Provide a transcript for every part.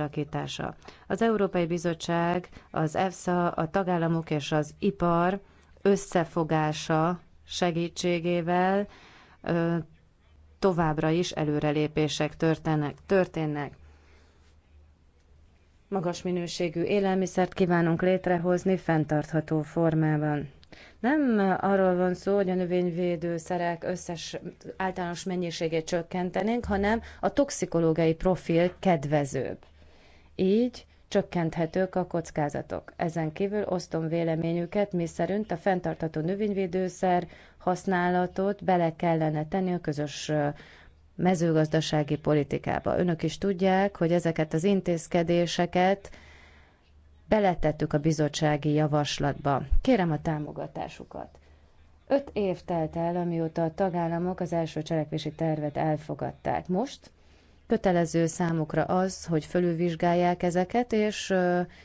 alakítása. Az Európai Bizottság, az EFSA, a tagállamok és az ipar összefogása segítségével továbbra is előrelépések történnek. történnek. Magas minőségű élelmiszert kívánunk létrehozni fenntartható formában. Nem arról van szó, hogy a növényvédőszerek összes általános mennyiségét csökkentenénk, hanem a toxikológiai profil kedvezőbb. Így csökkenthetők a kockázatok. Ezen kívül osztom véleményüket, miszerint a fenntartható növényvédőszer használatot bele kellene tenni a közös mezőgazdasági politikába. Önök is tudják, hogy ezeket az intézkedéseket beletettük a bizottsági javaslatba. Kérem a támogatásukat. Öt év telt el, amióta a tagállamok az első cselekvési tervet elfogadták. Most Kötelező számukra az, hogy fölülvizsgálják ezeket, és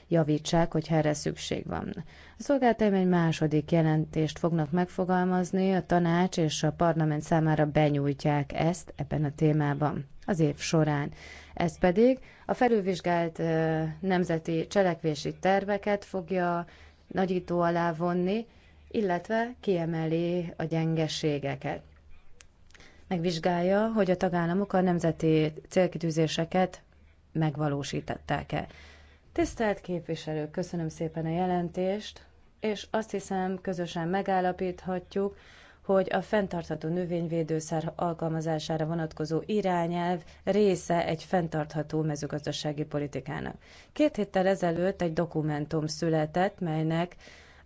javítsák, hogy erre szükség van. A szolgáltatóim egy második jelentést fognak megfogalmazni, a tanács és a parlament számára benyújtják ezt ebben a témában az év során. Ez pedig a felülvizsgált nemzeti cselekvési terveket fogja nagyító alá vonni, illetve kiemeli a gyengeségeket megvizsgálja, hogy a tagállamok a nemzeti célkitűzéseket megvalósították-e. Tisztelt képviselők, köszönöm szépen a jelentést, és azt hiszem közösen megállapíthatjuk, hogy a fenntartható növényvédőszer alkalmazására vonatkozó irányelv része egy fenntartható mezőgazdasági politikának. Két héttel ezelőtt egy dokumentum született, melynek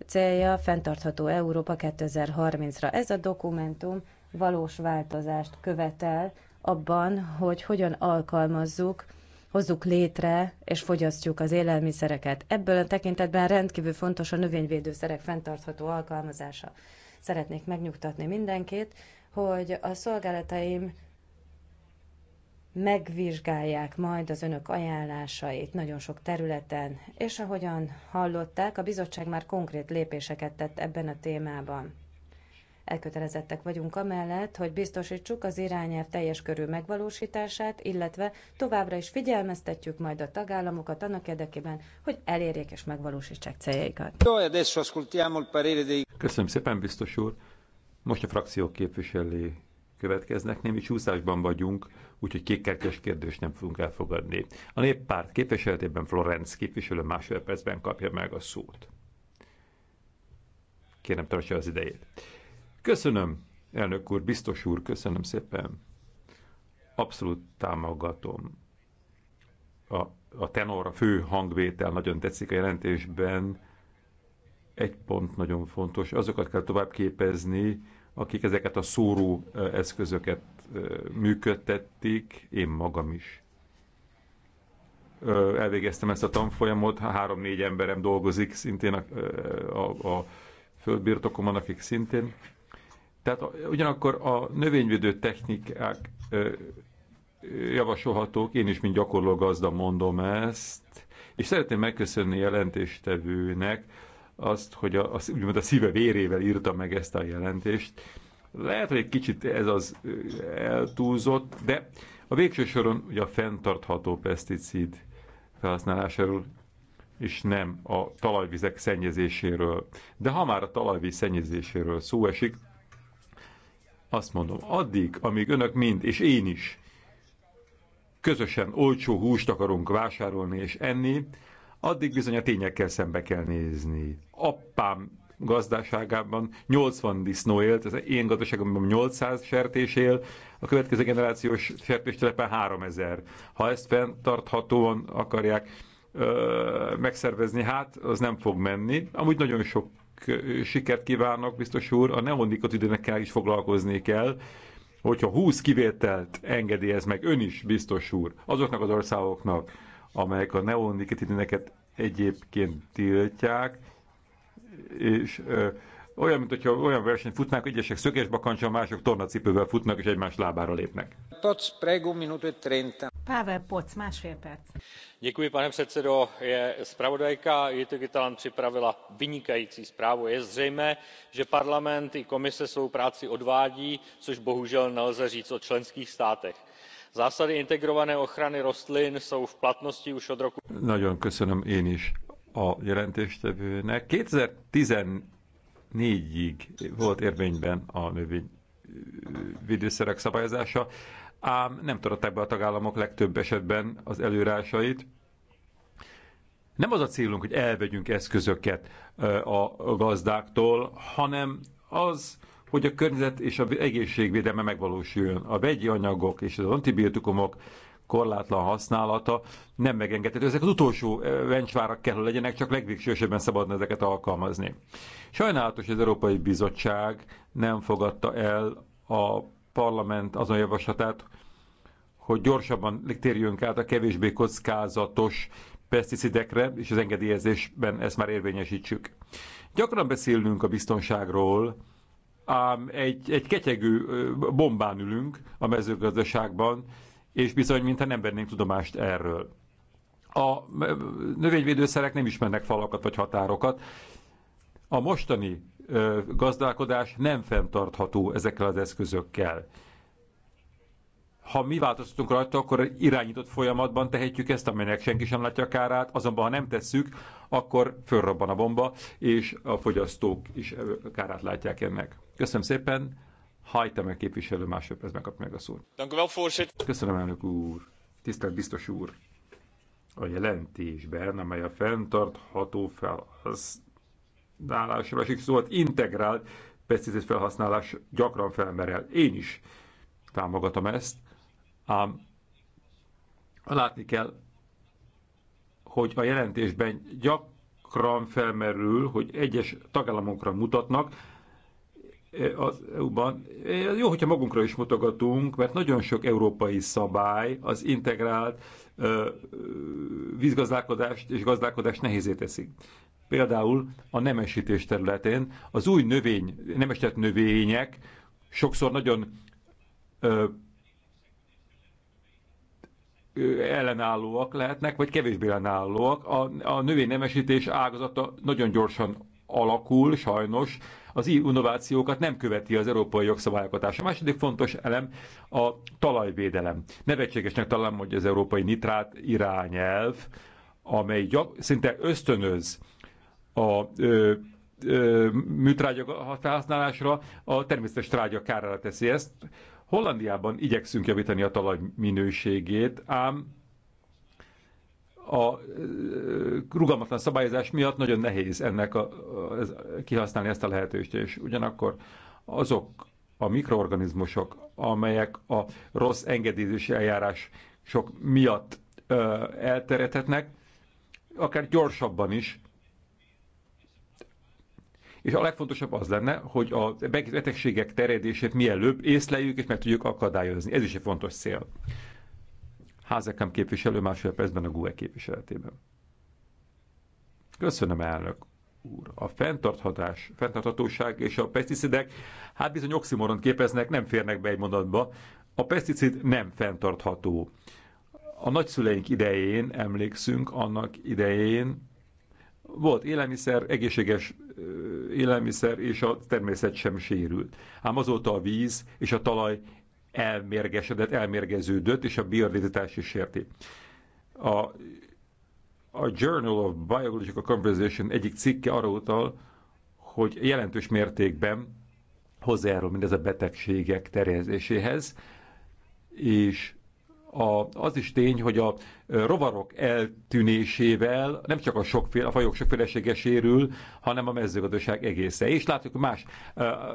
célja fenntartható Európa 2030-ra. Ez a dokumentum valós változást követel abban, hogy hogyan alkalmazzuk, hozzuk létre és fogyasztjuk az élelmiszereket. Ebből a tekintetben rendkívül fontos a növényvédőszerek fenntartható alkalmazása. Szeretnék megnyugtatni mindenkit, hogy a szolgálataim megvizsgálják majd az önök ajánlásait nagyon sok területen, és ahogyan hallották, a bizottság már konkrét lépéseket tett ebben a témában elkötelezettek vagyunk amellett, hogy biztosítsuk az irányelv teljes körű megvalósítását, illetve továbbra is figyelmeztetjük majd a tagállamokat annak érdekében, hogy elérjék és megvalósítsák céljaikat. Köszönöm szépen, biztos úr! Most a frakciók képviselői következnek, némi csúszásban vagyunk, úgyhogy kékkártyás kérdést nem fogunk elfogadni. A néppárt képviseletében Florenc képviselő másodpercben kapja meg a szót. Kérem, tartsa az idejét. Köszönöm, elnök úr, biztos úr, köszönöm szépen. Abszolút támogatom. A, a tenor, a fő hangvétel nagyon tetszik a jelentésben. Egy pont nagyon fontos, azokat kell tovább képezni, akik ezeket a szóró eszközöket működtették, én magam is. Elvégeztem ezt a tanfolyamot, három-négy emberem dolgozik szintén a, a, a földbirtokomon, akik szintén tehát ugyanakkor a növényvédő technikák javasolhatók, én is, mint gyakorló gazda mondom ezt, és szeretném megköszönni jelentéstevőnek azt, hogy a, a, úgymond a szíve vérével írta meg ezt a jelentést. Lehet, hogy egy kicsit ez az eltúlzott, de a végső soron ugye a fenntartható peszticid felhasználásáról és nem a talajvizek szennyezéséről. De ha már a talajvíz szennyezéséről szó esik, azt mondom, addig, amíg önök mind, és én is, közösen olcsó húst akarunk vásárolni és enni, addig bizony a tényekkel szembe kell nézni. Appám gazdaságában 80 disznó élt, az én gazdaságomban 800 sertés él, a következő generációs sertéstelepen 3000. Ha ezt fenntarthatóan akarják ö, megszervezni, hát az nem fog menni. Amúgy nagyon sok sikert kívánok, biztos úr, a neonikotidinekkel is foglalkozni kell, hogyha 20 kivételt engedélyez meg ön is, biztos úr, azoknak az országoknak, amelyek a neonikotidineket egyébként tiltják, és olyan, mint hogyha olyan versenyt futnánk, egyesek szöges bakancsa, mások tornacipővel futnak és egymás lábára lépnek. Poc, prego, minuto e trenta. Pavel Poc, másfél perc. Děkuji, pane předsedo. Je zpravodajka Jitky Talan připravila vynikající zprávu. Je zřejmé, že parlament i komise svou práci odvádí, což bohužel nelze říct o členských státech zásady integrované ochrany rostlin jsou v platnosti už od roku. Nagyon köszönöm én is a jelentéstevőnek. 2010 4 ig volt érvényben a növényvédőszerek szabályozása, ám nem tudották be a tagállamok legtöbb esetben az előrásait. Nem az a célunk, hogy elvegyünk eszközöket a gazdáktól, hanem az, hogy a környezet és a egészségvédelme megvalósuljon. A vegyi anyagok és az antibiotikumok korlátlan használata nem megengedhető. Ezek az utolsó vencsvárak eh, kell, hogy legyenek, csak legvégsősebben szabadna ezeket alkalmazni. Sajnálatos, hogy az Európai Bizottság nem fogadta el a parlament azon javaslatát, hogy gyorsabban térjünk át a kevésbé kockázatos peszticidekre, és az engedélyezésben ezt már érvényesítsük. Gyakran beszélünk a biztonságról, ám egy, egy ketyegő eh, bombán ülünk a mezőgazdaságban, és bizony, mintha nem vennénk tudomást erről. A növényvédőszerek nem ismernek falakat vagy határokat. A mostani gazdálkodás nem fenntartható ezekkel az eszközökkel. Ha mi változtatunk rajta, akkor irányított folyamatban tehetjük ezt, amelynek senki sem látja kárát, azonban ha nem tesszük, akkor fölrobban a bomba, és a fogyasztók is kárát látják ennek. Köszönöm szépen! Hajteme képviselő másodperc megkapja meg a szót. Köszönöm, elnök úr. Tisztelt biztos úr. A jelentésben, amely a fenntartható felhasználásra esik szóval integrált pesticid felhasználás gyakran felmerel. Én is támogatom ezt, ám látni kell, hogy a jelentésben gyakran felmerül, hogy egyes tagállamokra mutatnak, az EU-ban. Jó, hogyha magunkra is mutogatunk, mert nagyon sok európai szabály az integrált vízgazdálkodást és gazdálkodást nehézé teszi. Például a nemesítés területén az új növény, nemesített növények sokszor nagyon ö, ellenállóak lehetnek, vagy kevésbé ellenállóak. A, a nemesítés ágazata nagyon gyorsan alakul, sajnos, az innovációkat nem követi az európai jogszabályokatás. A második fontos elem a talajvédelem. Nevetségesnek talán, hogy az európai nitrát irányelv, amely gyak, szinte ösztönöz a ö, ö, műtrágya használásra, a természetes trágya kárára teszi ezt. Hollandiában igyekszünk javítani a talaj minőségét, ám a rugalmatlan szabályozás miatt nagyon nehéz ennek a, ez, kihasználni ezt a lehetőséget, és ugyanakkor azok a mikroorganizmusok, amelyek a rossz engedélyezési eljárás sok miatt ö, elterethetnek, akár gyorsabban is. És a legfontosabb az lenne, hogy a betegségek terjedését mielőbb észleljük, és meg tudjuk akadályozni. Ez is egy fontos cél. Házekem képviselő másfél percben a GUE képviseletében. Köszönöm, elnök úr. A fenntarthatás, fenntarthatóság és a peszticidek hát bizony oximoront képeznek, nem férnek be egy mondatba. A peszticid nem fenntartható. A nagyszüleink idején, emlékszünk, annak idején volt élelmiszer, egészséges élelmiszer, és a természet sem sérült. Ám azóta a víz és a talaj elmérgesedett, elmérgeződött, és a biodiversitás is érti. A, a Journal of Biological Conversation egyik cikke arra utal, hogy jelentős mértékben hozzájárul mindez a betegségek terjedéséhez és a, az is tény, hogy a rovarok eltűnésével nem csak a, sokféle, a fajok sokfélesége sérül, hanem a mezőgazdaság egészen. És látjuk, más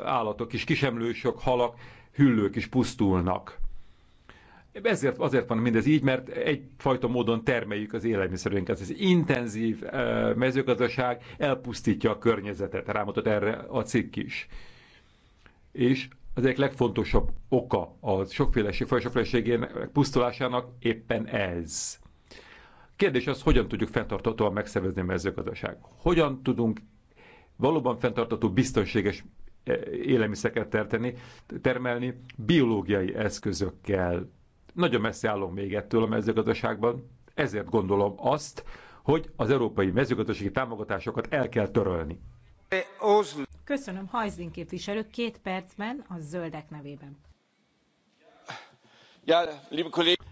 állatok is, kisemlősök, halak hüllők is pusztulnak. Ezért, azért van mindez így, mert egyfajta módon termeljük az élelmiszerünket. Ez intenzív eh, mezőgazdaság elpusztítja a környezetet, rámutat erre a cikk is. És az egyik legfontosabb oka a sokféleség, fajsokféleségének pusztulásának éppen ez. Kérdés az, hogyan tudjuk fenntartatóan megszervezni a mezőgazdaság? Hogyan tudunk valóban fenntartató, biztonséges élelmiszeket terteni, termelni biológiai eszközökkel. Nagyon messze állunk még ettől a mezőgazdaságban, ezért gondolom azt, hogy az európai mezőgazdasági támogatásokat el kell törölni. Köszönöm, Hajzlin képviselő, két percben a zöldek nevében. Ja,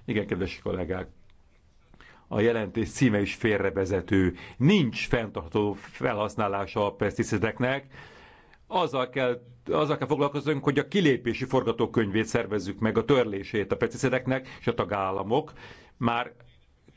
Igen, kedves kollégák, a jelentés címe is félrevezető. Nincs fenntartó felhasználása a pesticideknek, azzal kell azzal kell foglalkozunk, hogy a kilépési forgatókönyvét szervezzük meg, a törlését a pesticideknek, és a tagállamok már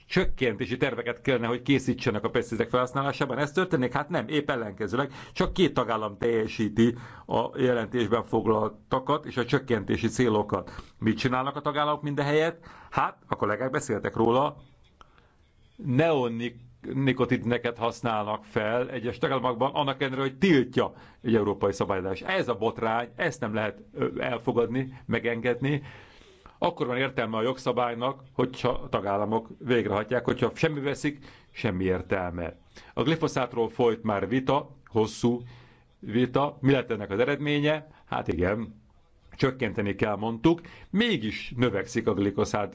csökkentési terveket kellene, hogy készítsenek a pesticidek felhasználásában. Ez történik? Hát nem, épp ellenkezőleg. Csak két tagállam teljesíti a jelentésben foglaltakat és a csökkentési célokat. Mit csinálnak a tagállamok minden helyet? Hát, a kollégák beszéltek róla, neonik nikotineket használnak fel egyes tagállamokban, annak ellenére, hogy tiltja egy európai szabályozás. Ez a botrány, ezt nem lehet elfogadni, megengedni. Akkor van értelme a jogszabálynak, hogyha a tagállamok végrehajtják, hogyha semmi veszik, semmi értelme. A glifoszátról folyt már vita, hosszú vita. Mi lett ennek az eredménye? Hát igen, csökkenteni kell, mondtuk, mégis növekszik a glikoszád,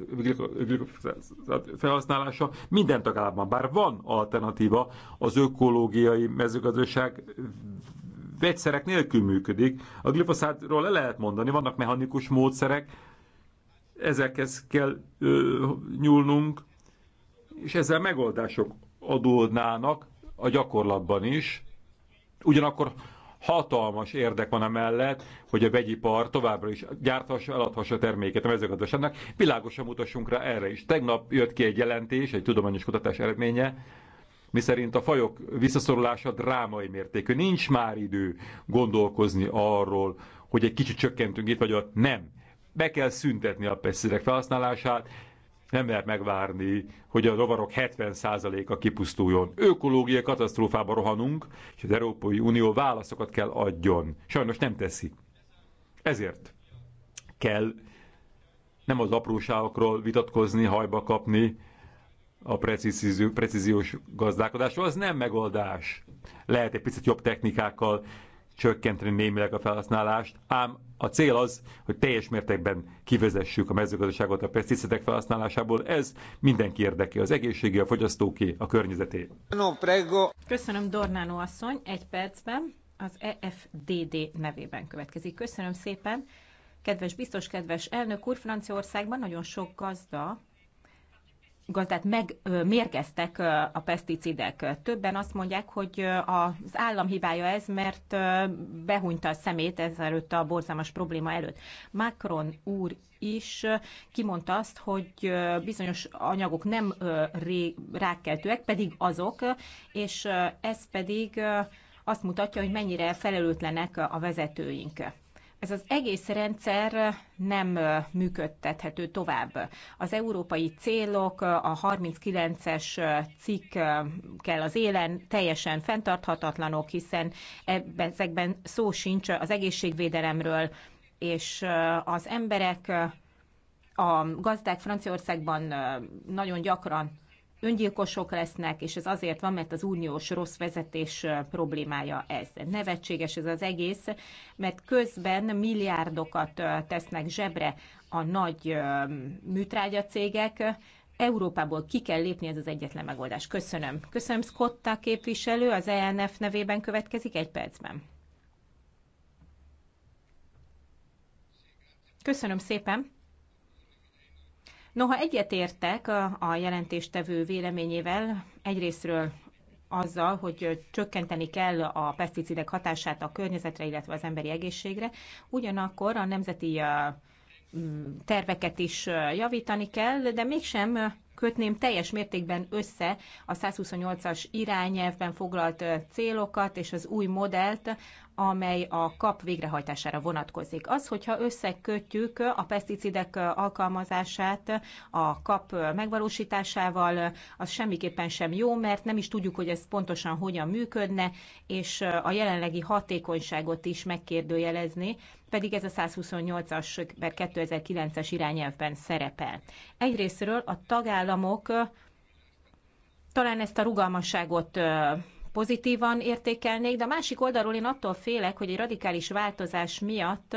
glikoszád felhasználása minden tagállamban. Bár van alternatíva, az ökológiai mezőgazdaság vegyszerek nélkül működik. A glifoszátról le lehet mondani, vannak mechanikus módszerek, ezekhez kell ö, nyúlnunk, és ezzel megoldások adódnának a gyakorlatban is. Ugyanakkor hatalmas érdek van mellett, hogy a vegyipar továbbra is gyárthassa, eladhassa terméket a mezőgazdaságnak. Világosan mutassunk rá erre is. Tegnap jött ki egy jelentés, egy tudományos kutatás eredménye, miszerint a fajok visszaszorulása drámai mértékű. Nincs már idő gondolkozni arról, hogy egy kicsit csökkentünk itt vagy ott. Nem. Be kell szüntetni a pesticidek felhasználását, nem lehet megvárni, hogy a rovarok 70%-a kipusztuljon. Ökológiai katasztrófába rohanunk, és az Európai Unió válaszokat kell adjon. Sajnos nem teszi. Ezért kell nem az apróságokról vitatkozni, hajba kapni a precíziós gazdálkodásról, az nem megoldás. Lehet egy picit jobb technikákkal csökkenteni némileg a felhasználást, ám a cél az, hogy teljes mértékben kivezessük a mezőgazdaságot a pesticidek felhasználásából. Ez mindenki érdeke, az egészségi, a fogyasztóké, a környezeté. No, prego. Köszönöm Dornánó asszony, egy percben az EFDD nevében következik. Köszönöm szépen. Kedves biztos, kedves elnök úr, Franciaországban nagyon sok gazda tehát megmérgeztek a peszticidek. Többen azt mondják, hogy az állam hibája ez, mert behunyta a szemét ezelőtt a borzalmas probléma előtt. Macron úr is kimondta azt, hogy bizonyos anyagok nem rákkeltőek, pedig azok, és ez pedig azt mutatja, hogy mennyire felelőtlenek a vezetőink ez az egész rendszer nem működtethető tovább. Az európai célok, a 39-es cikk kell az élen, teljesen fenntarthatatlanok, hiszen ezekben szó sincs az egészségvédelemről, és az emberek, a gazdák Franciaországban nagyon gyakran öngyilkosok lesznek, és ez azért van, mert az uniós rossz vezetés problémája ez. Nevetséges ez az egész, mert közben milliárdokat tesznek zsebre a nagy műtrágyacégek, Európából ki kell lépni, ez az egyetlen megoldás. Köszönöm. Köszönöm Scotta képviselő, az ENF nevében következik egy percben. Köszönöm szépen. Noha egyetértek a jelentéstevő véleményével, egyrésztről azzal, hogy csökkenteni kell a peszticidek hatását a környezetre, illetve az emberi egészségre, ugyanakkor a nemzeti terveket is javítani kell, de mégsem kötném teljes mértékben össze a 128-as irányelvben foglalt célokat és az új modellt, amely a kap végrehajtására vonatkozik. Az, hogyha összekötjük a peszticidek alkalmazását a kap megvalósításával, az semmiképpen sem jó, mert nem is tudjuk, hogy ez pontosan hogyan működne, és a jelenlegi hatékonyságot is megkérdőjelezni, pedig ez a 128-as per 2009-es irányelvben szerepel. Egyrésztről a tagállamok talán ezt a rugalmasságot pozitívan értékelnék, de a másik oldalról én attól félek, hogy egy radikális változás miatt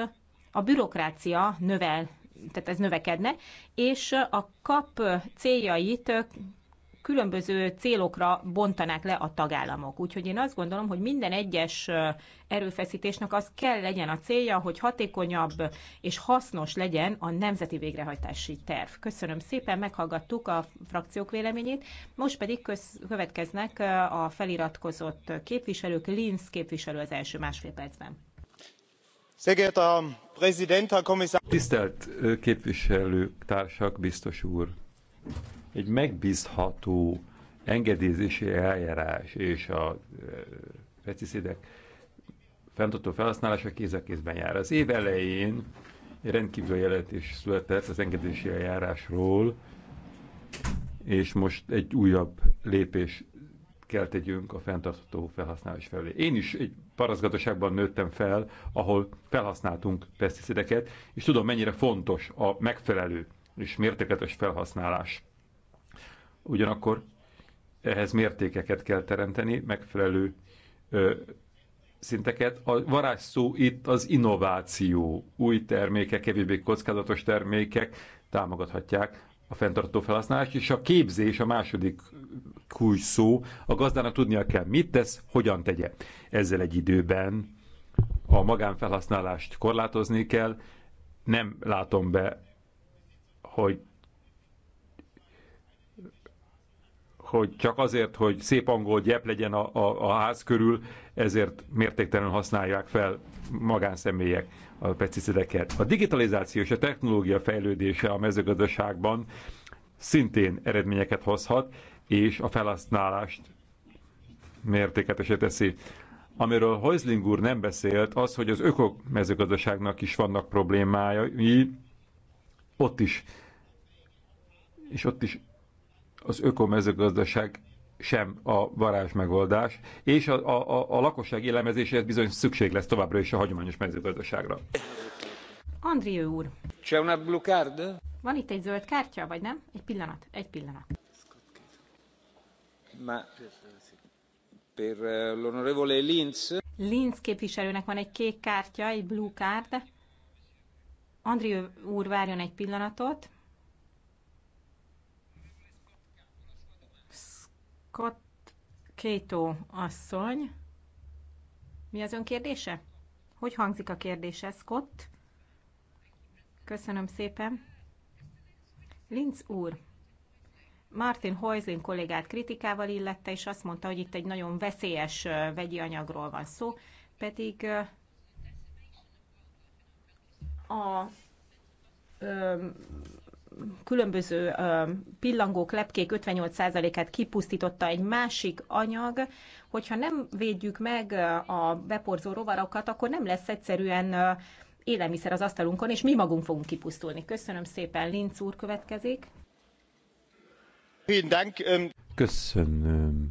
a bürokrácia növel, tehát ez növekedne, és a kap céljait különböző célokra bontanák le a tagállamok. Úgyhogy én azt gondolom, hogy minden egyes erőfeszítésnek az kell legyen a célja, hogy hatékonyabb és hasznos legyen a nemzeti végrehajtási terv. Köszönöm szépen, meghallgattuk a frakciók véleményét. Most pedig köz, következnek a feliratkozott képviselők. Linz képviselő az első másfél percben. Tisztelt képviselők, társak, biztos úr! egy megbízható engedélyezési eljárás és a pesticidek fenntartó felhasználása kéz a kézben jár. Az év elején rendkívül jelentés született az engedési eljárásról, és most egy újabb lépés kell tegyünk a fenntartható felhasználás felé. Én is egy parazgatóságban nőttem fel, ahol felhasználtunk pesticideket, és tudom, mennyire fontos a megfelelő és mértékletes felhasználás. Ugyanakkor ehhez mértékeket kell teremteni, megfelelő ö, szinteket. A varázsszó itt az innováció. Új termékek, kevésbé kockázatos termékek támogathatják a fenntartó felhasználást, és a képzés a második kulcs szó, a gazdának tudnia kell, mit tesz, hogyan tegye. Ezzel egy időben a magánfelhasználást korlátozni kell, nem látom be, hogy hogy csak azért, hogy szép angol gyep legyen a, a, a ház körül, ezért mértéktelenül használják fel magánszemélyek a pesticideket. A digitalizáció és a technológia fejlődése a mezőgazdaságban szintén eredményeket hozhat, és a felhasználást mértéket teszi. Amiről Heusling úr nem beszélt, az, hogy az ökomezőgazdaságnak is vannak problémája, ott is, és ott is az ökomezőgazdaság sem a varázs megoldás, és a, a, a lakosság élelmezéséhez bizony szükség lesz továbbra is a hagyományos mezőgazdaságra. Andrió úr. C'è una blu card? Van itt egy zöld kártya, vagy nem? Egy pillanat, egy pillanat. Ma per eh, l'onorevole Linz. Linz képviselőnek van egy kék kártya, egy blue card. Andrió úr várjon egy pillanatot. Kat Kétó asszony. Mi az ön kérdése? Hogy hangzik a kérdése, Scott? Köszönöm szépen. Linz úr, Martin Heusling kollégát kritikával illette, és azt mondta, hogy itt egy nagyon veszélyes vegyi anyagról van szó, pedig a különböző pillangók, lepkék 58%-át kipusztította egy másik anyag, hogyha nem védjük meg a beporzó rovarokat, akkor nem lesz egyszerűen élelmiszer az asztalunkon, és mi magunk fogunk kipusztulni. Köszönöm szépen, Linz úr következik. Ähm, Köszönöm.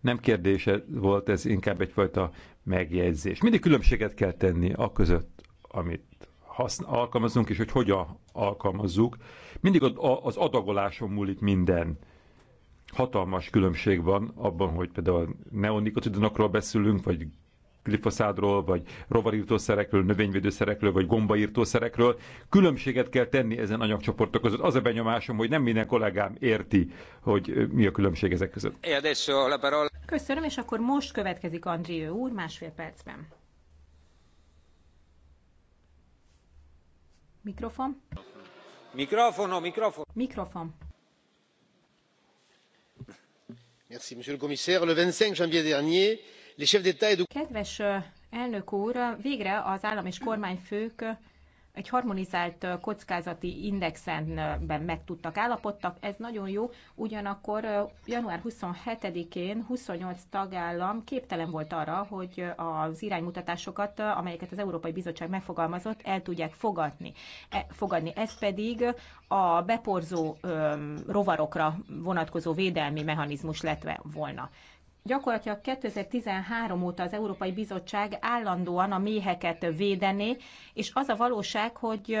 Nem kérdése volt, ez inkább egyfajta megjegyzés. Mindig különbséget kell tenni a között, amit haszn- és hogy hogyan alkalmazzuk. Mindig az adagoláson múlik minden. Hatalmas különbség van abban, hogy például neonikotidonokról beszélünk, vagy glifoszádról, vagy rovarírtószerekről, növényvédőszerekről, vagy gombaírtószerekről. Különbséget kell tenni ezen anyagcsoportok között. Az a benyomásom, hogy nem minden kollégám érti, hogy mi a különbség ezek között. Köszönöm, és akkor most következik Andrió úr másfél percben. Mikrofon. Mikrofon, mikrofon. Mikrofon. Merci, monsieur le commissaire. Le 25 janvier dernier, les chefs d'État et de... Kedves elnök úr, végre az állam és kormányfők egy harmonizált kockázati indexenben meg tudtak állapodtak, ez nagyon jó, ugyanakkor január 27-én 28 tagállam képtelen volt arra, hogy az iránymutatásokat, amelyeket az Európai Bizottság megfogalmazott, el tudják fogadni. E, fogadni. Ez pedig a beporzó rovarokra vonatkozó védelmi mechanizmus lett volna. Gyakorlatilag 2013 óta az Európai Bizottság állandóan a méheket védené, és az a valóság, hogy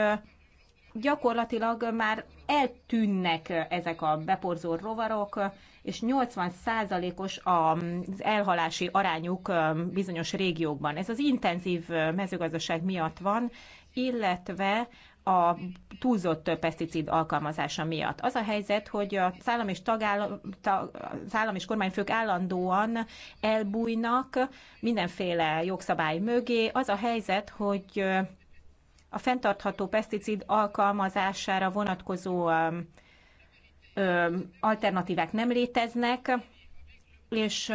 gyakorlatilag már eltűnnek ezek a beporzó rovarok, és 80%-os az elhalási arányuk bizonyos régiókban. Ez az intenzív mezőgazdaság miatt van, illetve a túlzott peszticid alkalmazása miatt. Az a helyzet, hogy a szállam és, tagállam, szállam és kormányfők állandóan elbújnak mindenféle jogszabály mögé. Az a helyzet, hogy a fenntartható peszticid alkalmazására vonatkozó alternatívák nem léteznek, és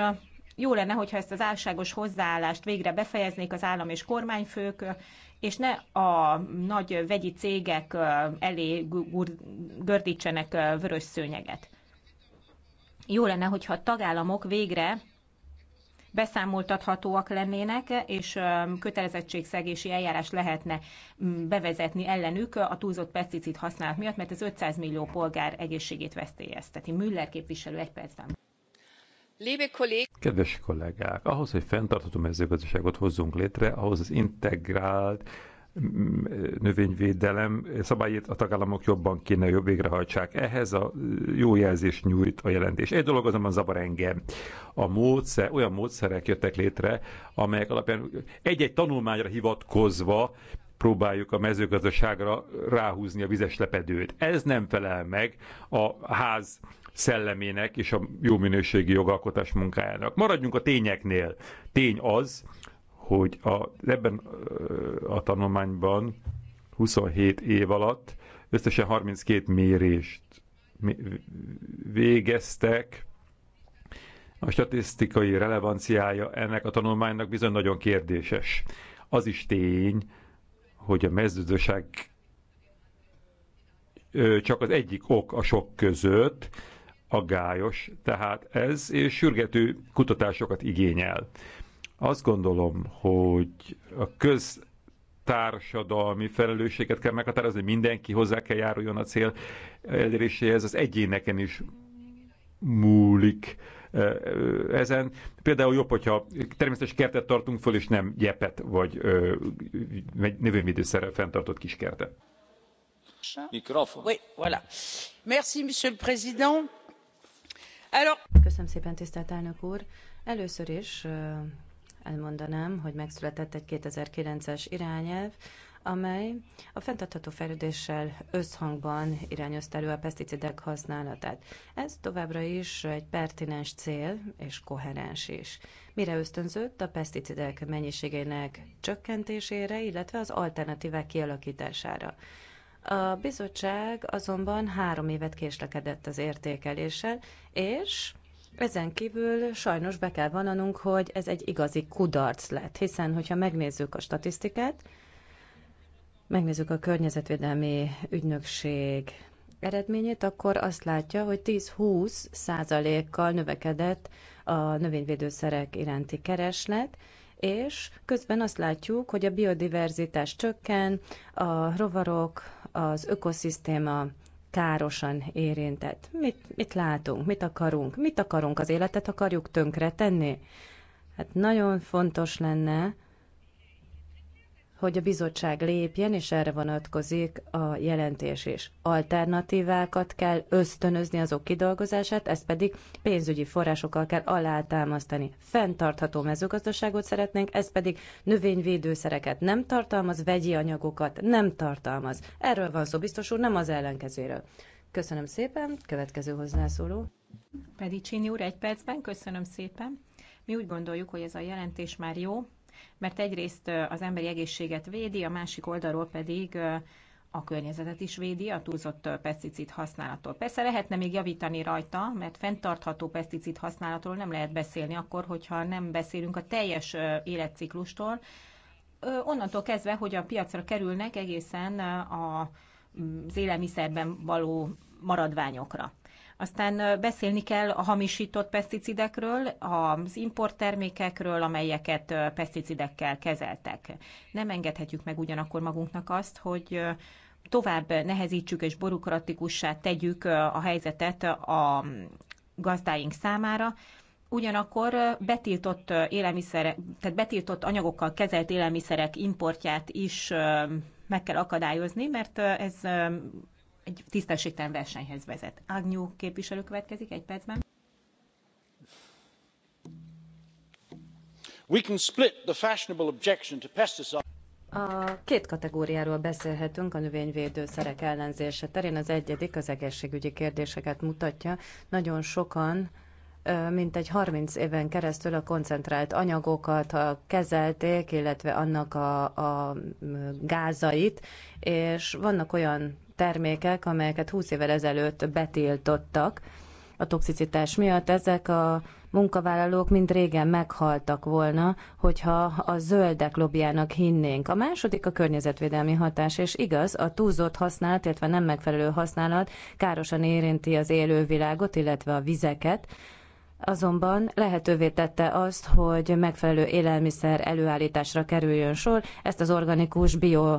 jó lenne, hogyha ezt az álságos hozzáállást végre befejeznék az állam és kormányfők, és ne a nagy vegyi cégek elé gördítsenek vörös szőnyeget. Jó lenne, hogyha a tagállamok végre beszámoltathatóak lennének, és kötelezettségszegési eljárás lehetne bevezetni ellenük a túlzott pesticid használat miatt, mert ez 500 millió polgár egészségét veszélyezteti. Müller képviselő egy percben. Kedves kollégák, ahhoz, hogy fenntartható mezőgazdaságot hozzunk létre, ahhoz az integrált mm, mm, növényvédelem szabályét a tagállamok jobban kéne jobb végrehajtsák. Ehhez a mm, jó jelzés nyújt a jelentés. Egy dolog azonban zavar engem. A módszer, olyan módszerek jöttek létre, amelyek alapján egy-egy tanulmányra hivatkozva próbáljuk a mezőgazdaságra ráhúzni a vizes lepedőt. Ez nem felel meg a ház szellemének és a jó minőségi jogalkotás munkájának. Maradjunk a tényeknél. Tény az, hogy a, ebben a tanulmányban 27 év alatt összesen 32 mérést végeztek. A statisztikai relevanciája ennek a tanulmánynak bizony nagyon kérdéses. Az is tény, hogy a mezőgazdaság csak az egyik ok a sok között, gályos, tehát ez és sürgető kutatásokat igényel. Azt gondolom, hogy a köztársadalmi felelősséget kell meghatározni, mindenki hozzá kell járuljon a cél eléréséhez, az egyéneken is múlik ezen. Például jobb, hogyha természetes kertet tartunk föl, és nem gyepet, vagy növényvédőszerrel fenntartott kis kertet. Mikrofon. Oui, voilà. Merci, monsieur le président. Alors... Köszönöm szépen, tisztelt elnök úr. Először is elmondanám, hogy megszületett egy 2009-es irányelv, amely a fenntartható fejlődéssel összhangban irányozta elő a peszticidek használatát. Ez továbbra is egy pertinens cél és koherens is. Mire ösztönzött a peszticidek mennyiségének csökkentésére, illetve az alternatívák kialakítására. A bizottság azonban három évet késlekedett az értékeléssel, és ezen kívül sajnos be kell vananunk, hogy ez egy igazi kudarc lett, hiszen hogyha megnézzük a statisztikát, megnézzük a környezetvédelmi ügynökség eredményét, akkor azt látja, hogy 10-20 százalékkal növekedett a növényvédőszerek iránti kereslet, és közben azt látjuk, hogy a biodiverzitás csökken, a rovarok, az ökoszisztéma károsan érintett. Mit, mit látunk, mit akarunk, mit akarunk az életet, akarjuk tönkre tenni? Hát nagyon fontos lenne, hogy a bizottság lépjen, és erre vonatkozik a jelentés is. Alternatívákat kell ösztönözni azok kidolgozását, ezt pedig pénzügyi forrásokkal kell alátámasztani. Fenntartható mezőgazdaságot szeretnénk, ez pedig növényvédőszereket nem tartalmaz, vegyi anyagokat nem tartalmaz. Erről van szó, biztos úr, nem az ellenkezőről. Köszönöm szépen, következő hozzászóló. Pedig úr, egy percben, köszönöm szépen. Mi úgy gondoljuk, hogy ez a jelentés már jó, mert egyrészt az emberi egészséget védi, a másik oldalról pedig a környezetet is védi a túlzott pesticid használattól. Persze lehetne még javítani rajta, mert fenntartható pesticid használatról nem lehet beszélni akkor, hogyha nem beszélünk a teljes életciklustól. Onnantól kezdve, hogy a piacra kerülnek egészen mm, az élelmiszerben való maradványokra. Aztán beszélni kell a hamisított peszticidekről, az importtermékekről, amelyeket peszticidekkel kezeltek. Nem engedhetjük meg ugyanakkor magunknak azt, hogy tovább nehezítsük és borukratikussá tegyük a helyzetet a gazdáink számára, ugyanakkor betiltott élelmiszerek, tehát betiltott anyagokkal kezelt élelmiszerek importját is meg kell akadályozni, mert ez egy tisztességtelen versenyhez vezet. Agnyú képviselő következik egy percben. We can split the fashionable objection to pesticides. A két kategóriáról beszélhetünk a növényvédőszerek ellenzése terén. Az egyedik az egészségügyi kérdéseket mutatja. Nagyon sokan mint egy 30 éven keresztül a koncentrált anyagokat kezelték, illetve annak a, a gázait, és vannak olyan termékek, amelyeket 20 évvel ezelőtt betiltottak a toxicitás miatt. Ezek a munkavállalók mind régen meghaltak volna, hogyha a zöldek lobbyának hinnénk. A második a környezetvédelmi hatás, és igaz, a túlzott használat, illetve nem megfelelő használat károsan érinti az élővilágot, illetve a vizeket, azonban lehetővé tette azt, hogy megfelelő élelmiszer előállításra kerüljön sor. Ezt az organikus bio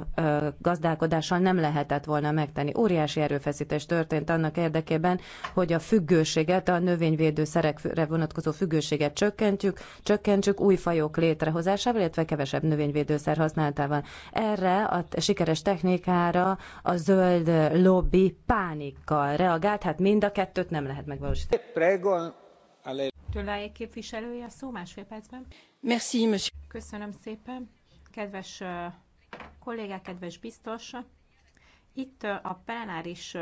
gazdálkodással nem lehetett volna megtenni. Óriási erőfeszítés történt annak érdekében, hogy a függőséget, a növényvédőszerekre vonatkozó függőséget csökkentjük, csökkentsük új fajok létrehozásával, illetve kevesebb növényvédőszer használatával. Erre a sikeres technikára a zöld lobby pánikkal reagált, hát mind a kettőt nem lehet megvalósítani. Tőlájé képviselője a szó másfél percben. Merci, monsieur. Köszönöm szépen. Kedves kollégák, kedves biztos, itt a plenáris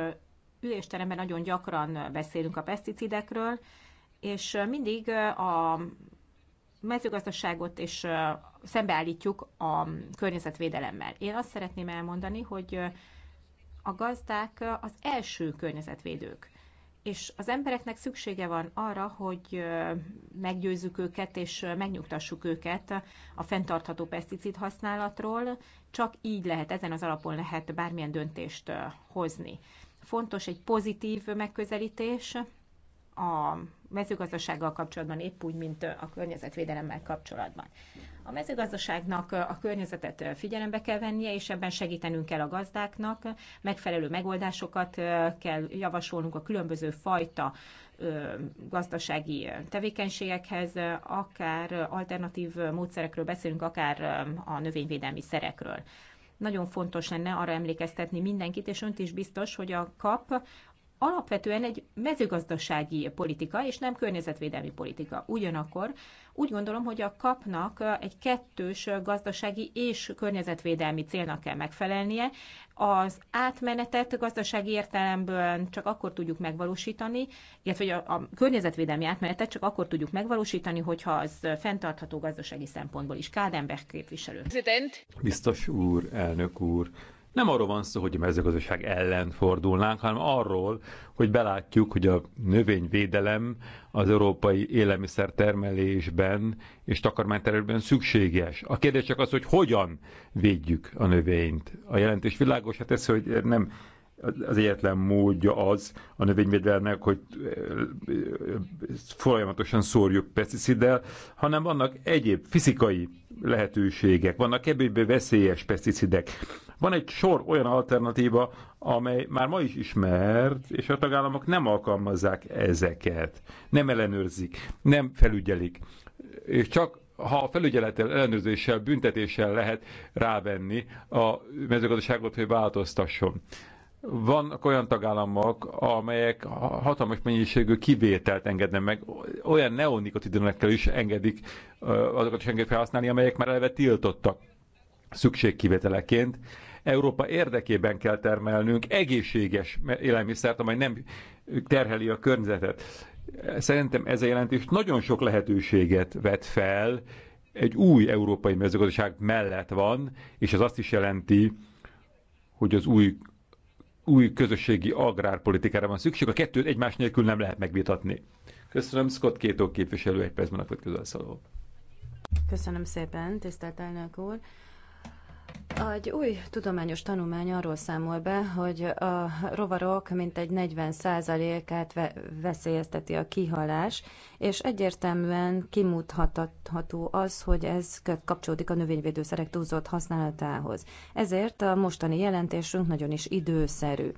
ülésteremben nagyon gyakran beszélünk a peszticidekről, és mindig a mezőgazdaságot és szembeállítjuk a környezetvédelemmel. Én azt szeretném elmondani, hogy a gazdák az első környezetvédők és az embereknek szüksége van arra, hogy meggyőzzük őket és megnyugtassuk őket a fenntartható peszticid használatról, csak így lehet, ezen az alapon lehet bármilyen döntést hozni. Fontos egy pozitív megközelítés, a mezőgazdasággal kapcsolatban, épp úgy, mint a környezetvédelemmel kapcsolatban. A mezőgazdaságnak a környezetet figyelembe kell vennie, és ebben segítenünk kell a gazdáknak, megfelelő megoldásokat kell javasolnunk a különböző fajta gazdasági tevékenységekhez, akár alternatív módszerekről beszélünk, akár a növényvédelmi szerekről nagyon fontos lenne arra emlékeztetni mindenkit, és önt is biztos, hogy a kap alapvetően egy mezőgazdasági politika, és nem környezetvédelmi politika. Ugyanakkor úgy gondolom, hogy a kapnak egy kettős gazdasági és környezetvédelmi célnak kell megfelelnie. Az átmenetet gazdasági értelemből csak akkor tudjuk megvalósítani, illetve a, a környezetvédelmi átmenetet csak akkor tudjuk megvalósítani, hogyha az fenntartható gazdasági szempontból is. Kádenberg képviselő. Biztos úr, elnök úr, nem arról van szó, hogy a mezőgazdaság ellen fordulnánk, hanem arról, hogy belátjuk, hogy a növényvédelem az európai élelmiszertermelésben és takarmányterületben szükséges. A kérdés csak az, hogy hogyan védjük a növényt. A jelentés világos, hát ez, hogy nem az egyetlen módja az a növényvédelmek, hogy folyamatosan szórjuk pesticiddel, hanem vannak egyéb fizikai lehetőségek, vannak kevésbé veszélyes pesticidek. Van egy sor olyan alternatíva, amely már ma is ismert, és a tagállamok nem alkalmazzák ezeket, nem ellenőrzik, nem felügyelik, és csak ha a felügyelettel, ellenőrzéssel, büntetéssel lehet rávenni a mezőgazdaságot, hogy változtasson. Vannak olyan tagállamok, amelyek hatalmas mennyiségű kivételt engednek meg, olyan neonikotidonekkel is engedik, azokat is engedik felhasználni, amelyek már eleve tiltottak szükségkivételeként. Európa érdekében kell termelnünk egészséges élelmiszert, amely nem terheli a környezetet. Szerintem ez a jelentés nagyon sok lehetőséget vet fel, egy új európai mezőgazdaság mellett van, és ez azt is jelenti, hogy az új új közösségi agrárpolitikára van szükség, a kettőt egymás nélkül nem lehet megvitatni. Köszönöm, Scott Kétó képviselő egy percben a következő Köszönöm szépen, tisztelt elnök úr. Egy új tudományos tanulmány arról számol be, hogy a rovarok mintegy 40%-át veszélyezteti a kihalás, és egyértelműen kimutatható az, hogy ez kapcsolódik a növényvédőszerek túlzott használatához. Ezért a mostani jelentésünk nagyon is időszerű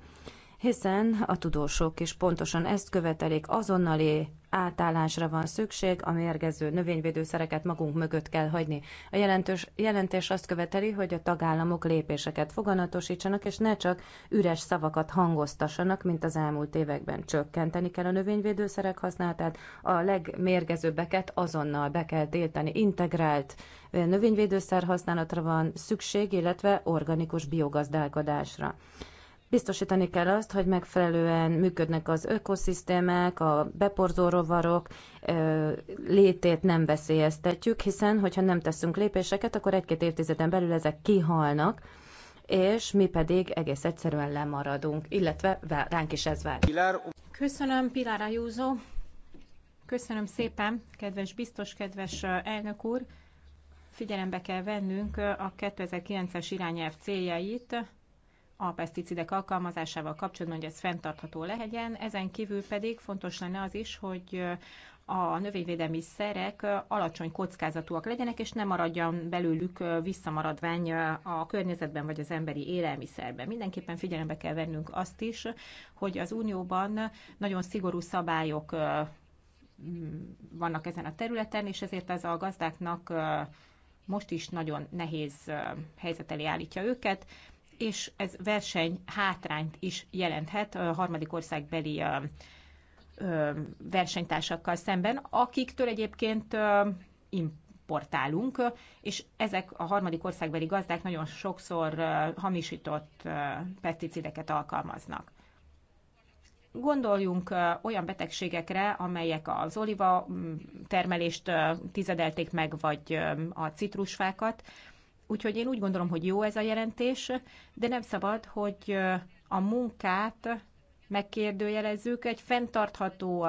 hiszen a tudósok is pontosan ezt követelik, azonnali átállásra van szükség, a mérgező növényvédőszereket magunk mögött kell hagyni. A jelentős, jelentés azt követeli, hogy a tagállamok lépéseket foganatosítsanak, és ne csak üres szavakat hangoztassanak, mint az elmúlt években. Csökkenteni kell a növényvédőszerek használatát, a legmérgezőbbeket azonnal be kell tiltani. Integrált növényvédőszer használatra van szükség, illetve organikus biogazdálkodásra. Biztosítani kell azt, hogy megfelelően működnek az ökoszisztémák, a beporzó rovarok létét nem veszélyeztetjük, hiszen hogyha nem teszünk lépéseket, akkor egy-két évtizeden belül ezek kihalnak, és mi pedig egész egyszerűen lemaradunk, illetve ránk is ez vár. Köszönöm, Pilar Ajúzó. Köszönöm szépen, kedves biztos, kedves elnök úr. Figyelembe kell vennünk a 2009-es irányelv céljait, a peszticidek alkalmazásával kapcsolatban, hogy ez fenntartható legyen. Ezen kívül pedig fontos lenne az is, hogy a növényvédelmi szerek alacsony kockázatúak legyenek, és ne maradjon belőlük visszamaradvány a környezetben vagy az emberi élelmiszerben. Mindenképpen figyelembe kell vennünk azt is, hogy az Unióban nagyon szigorú szabályok vannak ezen a területen, és ezért ez a gazdáknak most is nagyon nehéz helyzet elé állítja őket és ez verseny hátrányt is jelenthet a harmadik országbeli versenytársakkal szemben, akiktől egyébként importálunk, és ezek a harmadik országbeli gazdák nagyon sokszor hamisított peszticideket alkalmaznak. Gondoljunk olyan betegségekre, amelyek az oliva mm, termelést tizedelték meg, vagy a citrusfákat, Úgyhogy én úgy gondolom, hogy jó ez a jelentés, de nem szabad, hogy a munkát megkérdőjelezzük. Egy fenntartható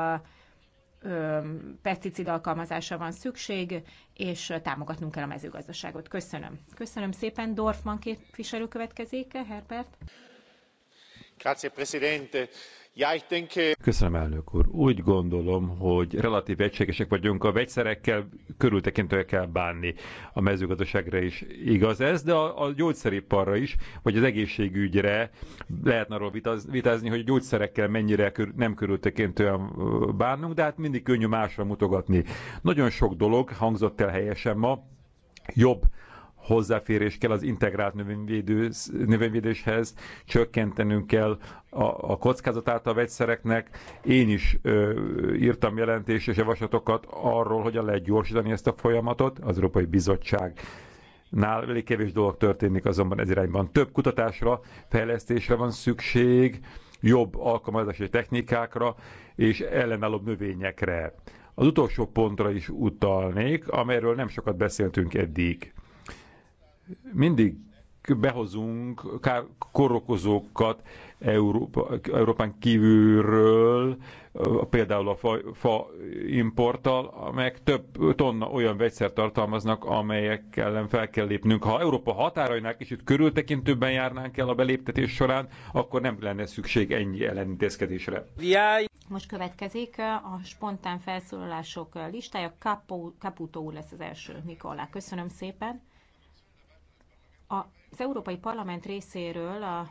pesticid alkalmazása van szükség, és támogatnunk kell a mezőgazdaságot. Köszönöm. Köszönöm szépen. Dorfman képviselő következik. Herbert. Grazie, Presidente. Köszönöm, elnök úr. Úgy gondolom, hogy relatív egységesek vagyunk a vegyszerekkel, körültekintően kell bánni. A mezőgazdaságra is igaz ez, de a, a gyógyszeriparra is, vagy az egészségügyre lehetne arról vitázni, hogy a gyógyszerekkel mennyire kör, nem körültekintően bánunk, de hát mindig könnyű másra mutogatni. Nagyon sok dolog hangzott el helyesen ma, jobb hozzáférés kell az integrált növényvédő, növényvédéshez, csökkentenünk kell a, a kockázatát által vegyszereknek. Én is ö, írtam jelentést és javaslatokat arról, hogyan lehet gyorsítani ezt a folyamatot. Az Európai Bizottság Nál elég kevés dolog történik azonban ez irányban. Több kutatásra, fejlesztésre van szükség, jobb alkalmazási technikákra és ellenállóbb növényekre. Az utolsó pontra is utalnék, amelyről nem sokat beszéltünk eddig mindig behozunk korokozókat Európa, Európán kívülről, például a fa, fa importtal, amelyek több tonna olyan vegyszert tartalmaznak, amelyek ellen fel kell lépnünk. Ha Európa határainál kicsit körültekintőbben járnánk el a beléptetés során, akkor nem lenne szükség ennyi ellenintézkedésre. Most következik a spontán felszólalások listája. Caputo úr lesz az első Nikolá. Köszönöm szépen. Az Európai Parlament részéről a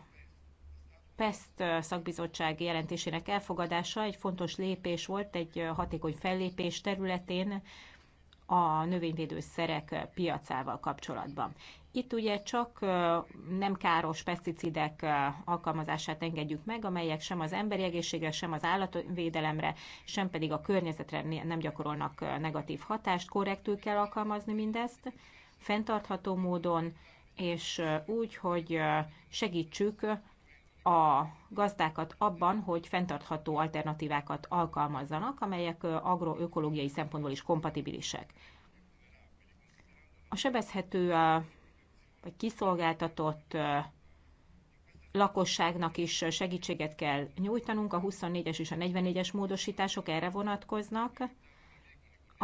PESZT szakbizottság jelentésének elfogadása egy fontos lépés volt egy hatékony fellépés területén a növényvédőszerek piacával kapcsolatban. Itt ugye csak nem káros peszticidek alkalmazását engedjük meg, amelyek sem az emberi egészségre, sem az állatvédelemre, sem pedig a környezetre nem gyakorolnak negatív hatást. Korrektül kell alkalmazni mindezt, fenntartható módon, és úgy, hogy segítsük a gazdákat abban, hogy fenntartható alternatívákat alkalmazzanak, amelyek agroökológiai szempontból is kompatibilisek. A sebezhető vagy kiszolgáltatott lakosságnak is segítséget kell nyújtanunk, a 24-es és a 44-es módosítások erre vonatkoznak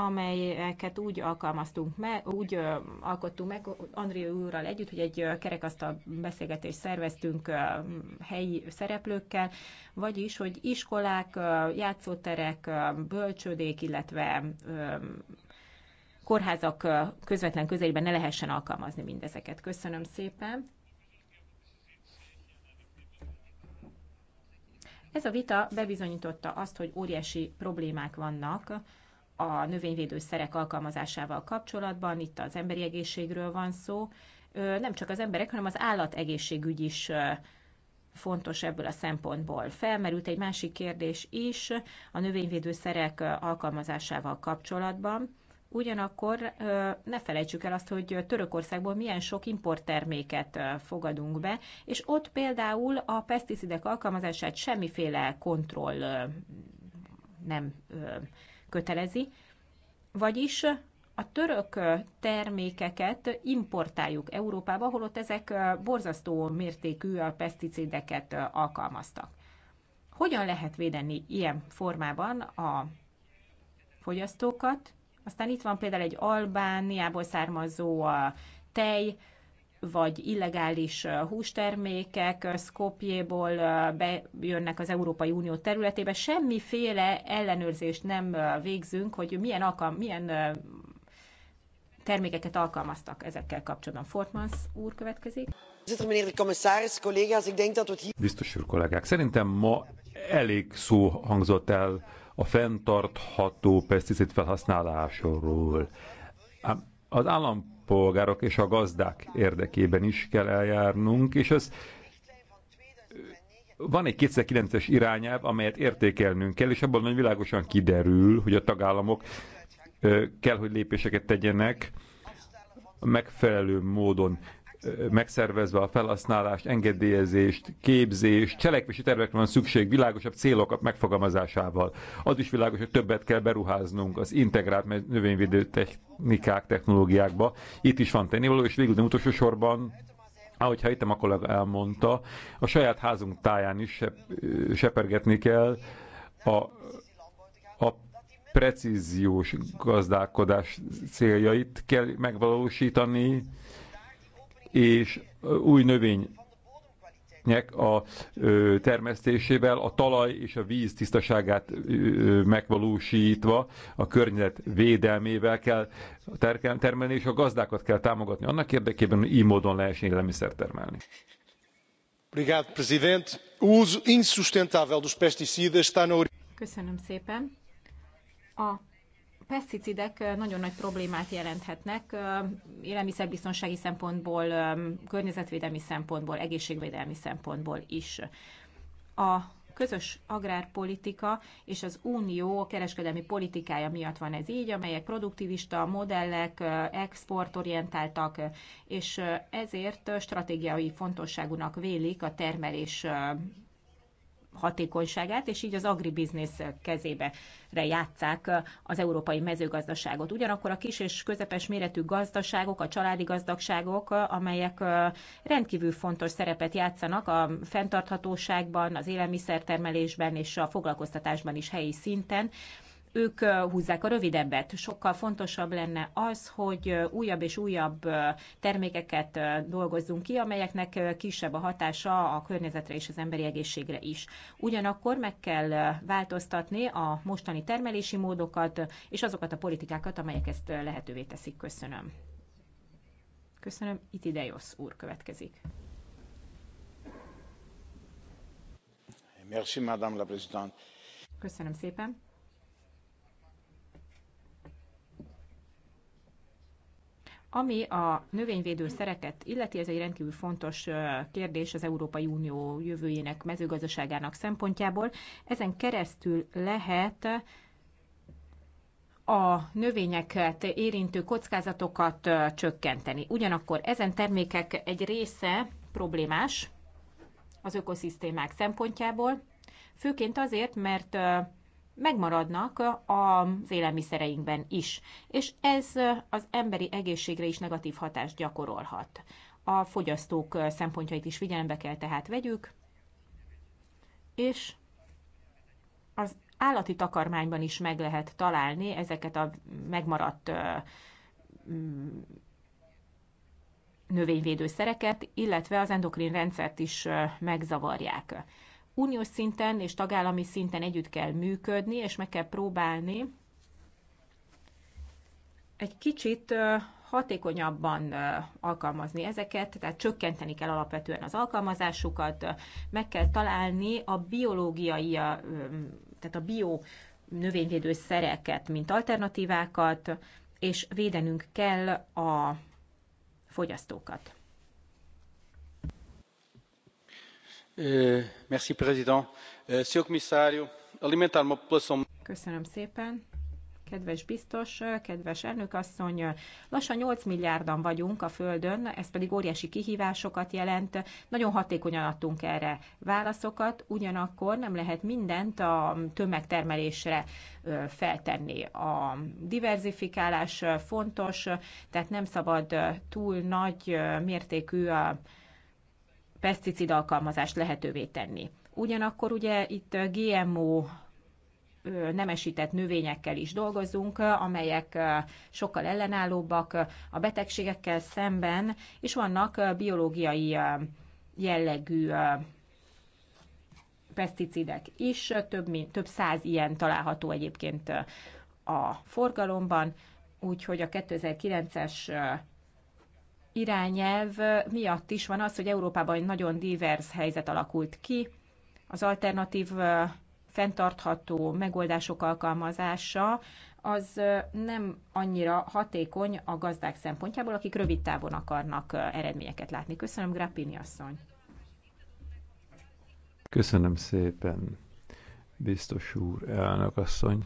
amelyeket úgy alkalmaztunk meg, úgy alkottunk meg André úrral együtt, hogy egy kerekasztal beszélgetést szerveztünk helyi szereplőkkel, vagyis, hogy iskolák, játszóterek, bölcsődék, illetve kórházak közvetlen közelében ne lehessen alkalmazni mindezeket. Köszönöm szépen! Ez a vita bebizonyította azt, hogy óriási problémák vannak a növényvédőszerek alkalmazásával kapcsolatban, itt az emberi egészségről van szó, nem csak az emberek, hanem az állategészségügy is fontos ebből a szempontból. Felmerült egy másik kérdés is a növényvédőszerek alkalmazásával kapcsolatban. Ugyanakkor ne felejtsük el azt, hogy Törökországból milyen sok importterméket fogadunk be, és ott például a peszticidek alkalmazását semmiféle kontroll nem kötelezi, vagyis a török termékeket importáljuk Európába, holott ezek borzasztó mértékű a peszticideket alkalmaztak. Hogyan lehet védeni ilyen formában a fogyasztókat? Aztán itt van például egy Albániából származó tej, vagy illegális hústermékek Skopjéból bejönnek az Európai Unió területébe. Semmiféle ellenőrzést nem végzünk, hogy milyen, alkal, milyen termékeket alkalmaztak ezekkel kapcsolatban. Fortmans úr következik. Biztos úr kollégák, szerintem ma elég szó hangzott el a fenntartható pesticid felhasználásról. Az állam polgárok és a gazdák érdekében is kell eljárnunk, és az van egy 2009-es irányelv, amelyet értékelnünk kell, és abban nagyon világosan kiderül, hogy a tagállamok kell, hogy lépéseket tegyenek megfelelő módon megszervezve a felhasználást, engedélyezést, képzést, cselekvési tervekre van szükség világosabb célok megfogalmazásával. Az is világos, hogy többet kell beruháznunk az integrált növényvédő technikák, technológiákba. Itt is van tennivaló, és végül nem utolsó sorban ahogy hittem a kollega elmondta, a saját házunk táján is sep, sepergetni kell a, a precíziós gazdálkodás céljait kell megvalósítani, és új növény a termesztésével a talaj és a víz tisztaságát megvalósítva, a környezet védelmével kell termelni, és a gazdákat kell támogatni annak érdekében, hogy így módon lehessen élelmiszer termelni. Köszönöm szépen. A peszticidek nagyon nagy problémát jelenthetnek élelmiszerbiztonsági szempontból, környezetvédelmi szempontból, egészségvédelmi szempontból is. A közös agrárpolitika és az unió kereskedelmi politikája miatt van ez így, amelyek produktivista modellek, exportorientáltak, és ezért stratégiai fontosságúnak vélik a termelés hatékonyságát, és így az agribiznisz kezébe játszák az európai mezőgazdaságot. Ugyanakkor a kis és közepes méretű gazdaságok, a családi gazdagságok, amelyek rendkívül fontos szerepet játszanak a fenntarthatóságban, az élelmiszertermelésben és a foglalkoztatásban is helyi szinten, ők húzzák a rövidebbet. Sokkal fontosabb lenne az, hogy újabb és újabb termékeket dolgozzunk ki, amelyeknek kisebb a hatása a környezetre és az emberi egészségre is. Ugyanakkor meg kell változtatni a mostani termelési módokat és azokat a politikákat, amelyek ezt lehetővé teszik. Köszönöm. Köszönöm. Itt Idejosz úr következik. Merci, Madame la Présidente. Köszönöm szépen. Ami a szereket illeti, ez egy rendkívül fontos kérdés az Európai Unió jövőjének, mezőgazdaságának szempontjából. Ezen keresztül lehet a növényeket érintő kockázatokat csökkenteni. Ugyanakkor ezen termékek egy része problémás az ökoszisztémák szempontjából, főként azért, mert megmaradnak az élelmiszereinkben is, és ez az emberi egészségre is negatív hatást gyakorolhat. A fogyasztók szempontjait is figyelembe kell tehát vegyük, és az állati takarmányban is meg lehet találni ezeket a megmaradt mm, növényvédőszereket, illetve az endokrin rendszert is megzavarják uniós szinten és tagállami szinten együtt kell működni, és meg kell próbálni egy kicsit hatékonyabban alkalmazni ezeket, tehát csökkenteni kell alapvetően az alkalmazásukat, meg kell találni a biológiai, tehát a bio szereket mint alternatívákat, és védenünk kell a fogyasztókat. Euh, Köszönöm szépen. Kedves biztos, kedves elnökasszony, lassan 8 milliárdan vagyunk a Földön, ez pedig óriási kihívásokat jelent. Nagyon hatékonyan adtunk erre válaszokat, ugyanakkor nem lehet mindent a tömegtermelésre feltenni. A diverzifikálás fontos, tehát nem szabad túl nagy mértékű a peszticid alkalmazást lehetővé tenni. Ugyanakkor ugye itt GMO nemesített növényekkel is dolgozunk, amelyek sokkal ellenállóbbak a betegségekkel szemben, és vannak biológiai jellegű peszticidek is, több, mint, több száz ilyen található egyébként a forgalomban, úgyhogy a 2009-es irányelv miatt is van az, hogy Európában egy nagyon divers helyzet alakult ki. Az alternatív fenntartható megoldások alkalmazása az nem annyira hatékony a gazdák szempontjából, akik rövid távon akarnak eredményeket látni. Köszönöm, Grappini asszony. Köszönöm szépen, biztos úr, elnök asszony.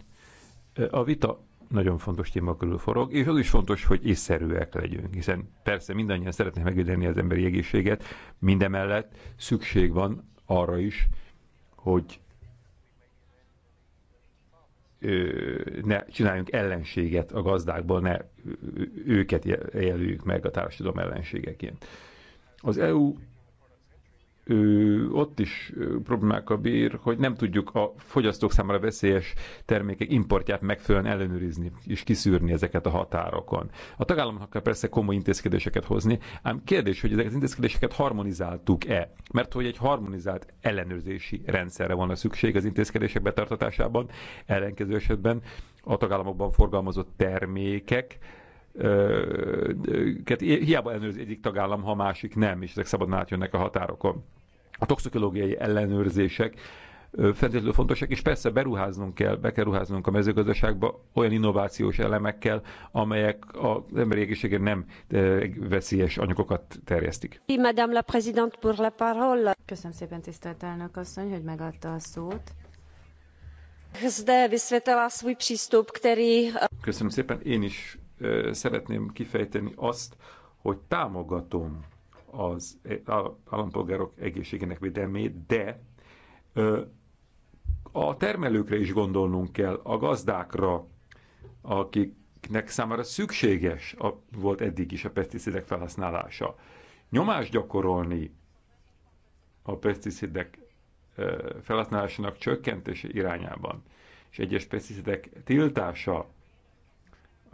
A vita nagyon fontos téma körül forog, és az is fontos, hogy észszerűek legyünk, hiszen persze mindannyian szeretnék megvédeni az emberi egészséget, mindemellett szükség van arra is, hogy ne csináljunk ellenséget a gazdákból, ne őket jelöljük meg a társadalom ellenségeként. Az EU ő, ott is problémákkal bír, hogy nem tudjuk a fogyasztók számára veszélyes termékek importját megfelelően ellenőrizni és kiszűrni ezeket a határokon. A tagállamoknak kell persze komoly intézkedéseket hozni, ám kérdés, hogy ezeket az intézkedéseket harmonizáltuk-e? Mert hogy egy harmonizált ellenőrzési rendszerre van a szükség az intézkedések betartatásában, ellenkező esetben a tagállamokban forgalmazott termékek hiába ellenőrzi egyik tagállam, ha a másik nem, és ezek szabadon átjönnek a határokon. A toxikológiai ellenőrzések feltétlenül fontosak, és persze beruháznunk kell, be kell ruháznunk a mezőgazdaságba olyan innovációs elemekkel, amelyek az emberi egészségen nem veszélyes anyagokat terjesztik. Madame la Présidente pour la parole. Köszönöm szépen, tisztelt elnök asszony, hogy megadta a szót. Zde vysvětlila svůj přístup, který... Köszönöm szépen, én is szeretném kifejteni azt, hogy támogatom az állampolgárok egészségének védelmét, de a termelőkre is gondolnunk kell, a gazdákra, akiknek számára szükséges a, volt eddig is a peszticidek felhasználása. Nyomást gyakorolni a peszticidek felhasználásának csökkentése irányában, és egyes peszticidek tiltása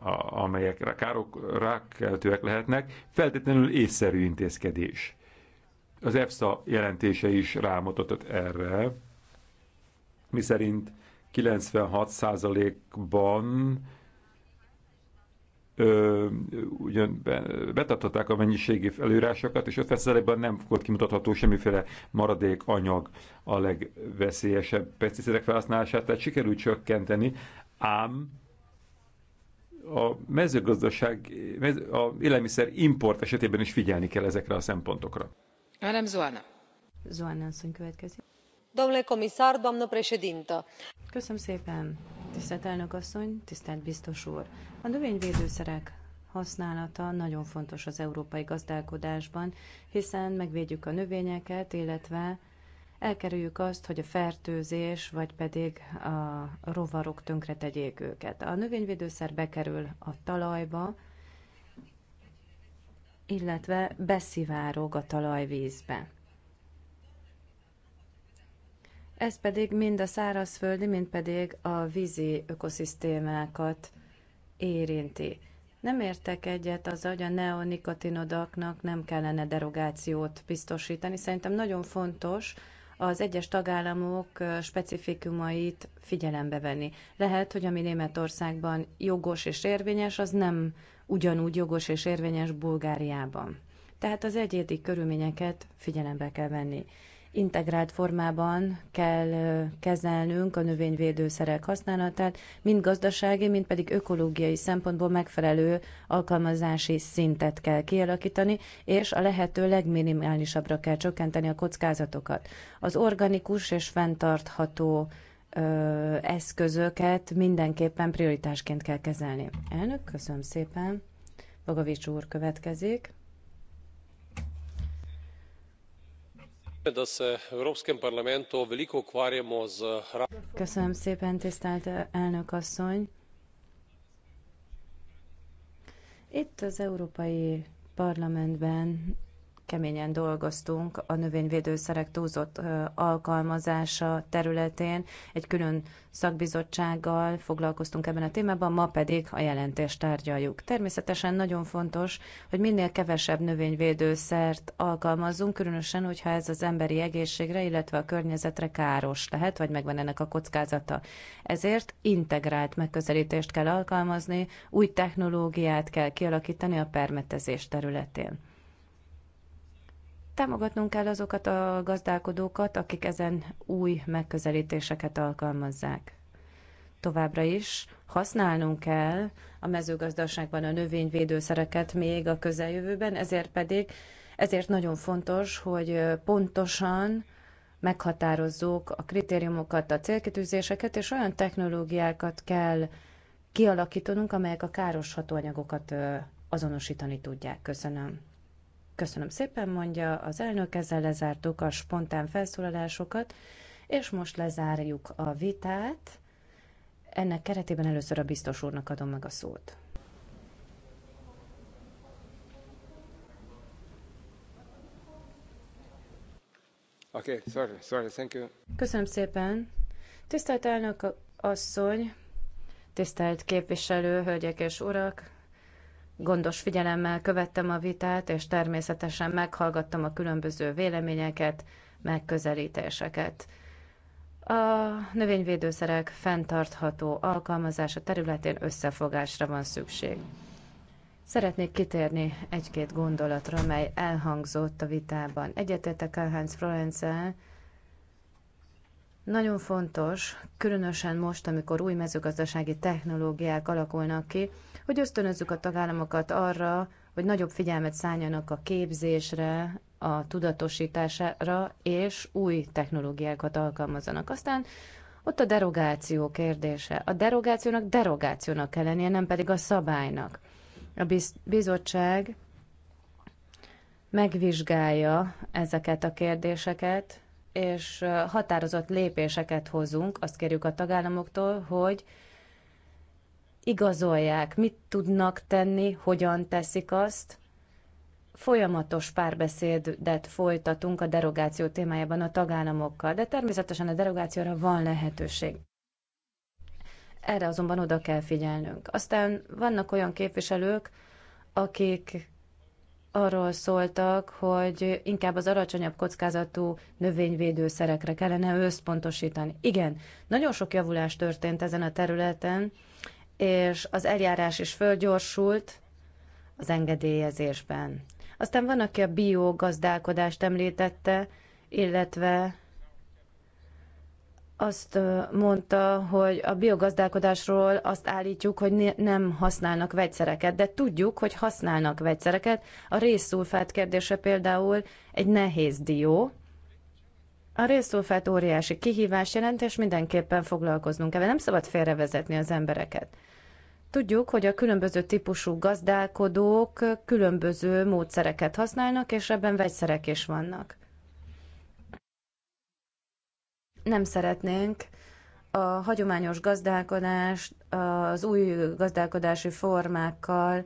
a, amelyek károk, rákkeltőek lehetnek, feltétlenül észszerű intézkedés. Az EFSA jelentése is rámutatott erre, miszerint 96%-ban ugyan betartották a mennyiségi előírásokat, és 50%-ban nem volt kimutatható semmiféle maradék anyag a legveszélyesebb pesticidek felhasználását, tehát sikerült csökkenteni, ám a mezőgazdaság, a élelmiszer import esetében is figyelni kell ezekre a szempontokra. Nem Zoana. Zoana asszony következik. Domnule comisar, doamnă președintă. Köszönöm szépen, tisztelt elnök asszony, tisztelt biztos úr. A növényvédőszerek használata nagyon fontos az európai gazdálkodásban, hiszen megvédjük a növényeket, illetve elkerüljük azt, hogy a fertőzés, vagy pedig a rovarok tönkre tegyék őket. A növényvédőszer bekerül a talajba, illetve beszivárog a talajvízbe. Ez pedig mind a szárazföldi, mind pedig a vízi ökoszisztémákat érinti. Nem értek egyet az, hogy a neonikotinodaknak nem kellene derogációt biztosítani. Szerintem nagyon fontos, az egyes tagállamok specifikumait figyelembe venni. Lehet, hogy ami Németországban jogos és érvényes, az nem ugyanúgy jogos és érvényes Bulgáriában. Tehát az egyedi körülményeket figyelembe kell venni integrált formában kell kezelnünk a növényvédőszerek használatát, mind gazdasági, mind pedig ökológiai szempontból megfelelő alkalmazási szintet kell kialakítani, és a lehető legminimálisabbra kell csökkenteni a kockázatokat. Az organikus és fenntartható ö, eszközöket mindenképpen prioritásként kell kezelni. Elnök, köszönöm szépen. Bogavics úr következik. Köszönöm szépen, tisztelt eh, elnök asszony! Itt az Európai Parlamentben keményen dolgoztunk a növényvédőszerek túlzott alkalmazása területén. Egy külön szakbizottsággal foglalkoztunk ebben a témában, ma pedig a jelentést tárgyaljuk. Természetesen nagyon fontos, hogy minél kevesebb növényvédőszert alkalmazzunk, különösen, hogyha ez az emberi egészségre, illetve a környezetre káros lehet, vagy megvan ennek a kockázata. Ezért integrált megközelítést kell alkalmazni, új technológiát kell kialakítani a permetezés területén. Támogatnunk kell azokat a gazdálkodókat, akik ezen új megközelítéseket alkalmazzák. Továbbra is használnunk kell a mezőgazdaságban a növényvédőszereket még a közeljövőben, ezért pedig ezért nagyon fontos, hogy pontosan meghatározzuk a kritériumokat, a célkitűzéseket, és olyan technológiákat kell kialakítanunk, amelyek a káros hatóanyagokat azonosítani tudják. Köszönöm. Köszönöm szépen, mondja az elnök, ezzel lezártuk a spontán felszólalásokat, és most lezárjuk a vitát. Ennek keretében először a biztos úrnak adom meg a szót. Okay, sorry, sorry, thank you. Köszönöm szépen. Tisztelt elnök asszony, tisztelt képviselő, hölgyek és urak, Gondos figyelemmel követtem a vitát, és természetesen meghallgattam a különböző véleményeket, megközelítéseket. A növényvédőszerek fenntartható alkalmazása területén összefogásra van szükség. Szeretnék kitérni egy-két gondolatra, mely elhangzott a vitában. Egyetetek Karl-Heinz Florenzel, nagyon fontos, különösen most, amikor új mezőgazdasági technológiák alakulnak ki, hogy ösztönözzük a tagállamokat arra, hogy nagyobb figyelmet szálljanak a képzésre, a tudatosítására, és új technológiákat alkalmazzanak. Aztán ott a derogáció kérdése. A derogációnak derogációnak kell lennie, nem pedig a szabálynak. A bizottság megvizsgálja ezeket a kérdéseket, és határozott lépéseket hozunk, azt kérjük a tagállamoktól, hogy igazolják, mit tudnak tenni, hogyan teszik azt. Folyamatos párbeszédet folytatunk a derogáció témájában a tagállamokkal, de természetesen a derogációra van lehetőség. Erre azonban oda kell figyelnünk. Aztán vannak olyan képviselők, akik arról szóltak, hogy inkább az alacsonyabb kockázatú növényvédőszerekre kellene összpontosítani. Igen, nagyon sok javulás történt ezen a területen, és az eljárás is fölgyorsult az engedélyezésben. Aztán van, aki a biogazdálkodást említette, illetve azt mondta, hogy a biogazdálkodásról azt állítjuk, hogy nem használnak vegyszereket, de tudjuk, hogy használnak vegyszereket. A részszulfát kérdése például egy nehéz dió. A részszulfát óriási kihívás jelent, és mindenképpen foglalkoznunk kell. Nem szabad félrevezetni az embereket. Tudjuk, hogy a különböző típusú gazdálkodók különböző módszereket használnak, és ebben vegyszerek is vannak. nem szeretnénk a hagyományos gazdálkodást az új gazdálkodási formákkal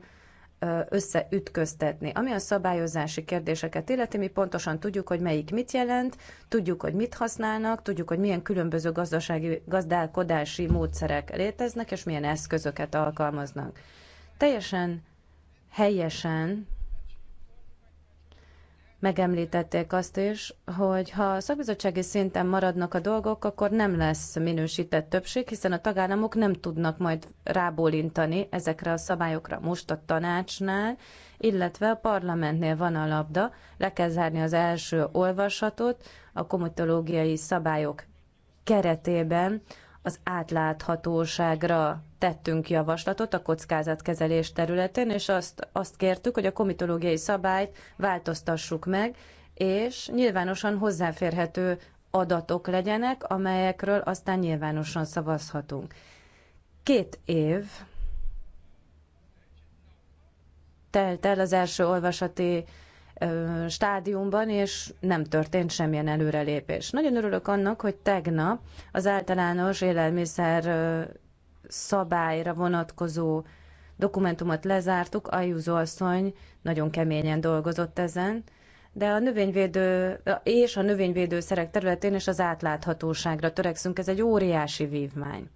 összeütköztetni. Ami a szabályozási kérdéseket illeti, mi pontosan tudjuk, hogy melyik mit jelent, tudjuk, hogy mit használnak, tudjuk, hogy milyen különböző gazdasági, gazdálkodási módszerek léteznek, és milyen eszközöket alkalmaznak. Teljesen helyesen megemlítették azt is, hogy ha szakbizottsági szinten maradnak a dolgok, akkor nem lesz minősített többség, hiszen a tagállamok nem tudnak majd rábólintani ezekre a szabályokra most a tanácsnál, illetve a parlamentnél van a labda, le kell zárni az első olvasatot a komitológiai szabályok keretében, az átláthatóságra tettünk javaslatot a kockázatkezelés területén, és azt, azt kértük, hogy a komitológiai szabályt változtassuk meg, és nyilvánosan hozzáférhető adatok legyenek, amelyekről aztán nyilvánosan szavazhatunk. Két év telt el az első olvasati stádiumban, és nem történt semmilyen előrelépés. Nagyon örülök annak, hogy tegnap az általános élelmiszer szabályra vonatkozó dokumentumot lezártuk. Ajúzó asszony nagyon keményen dolgozott ezen, de a növényvédő és a növényvédőszerek területén és az átláthatóságra törekszünk. Ez egy óriási vívmány.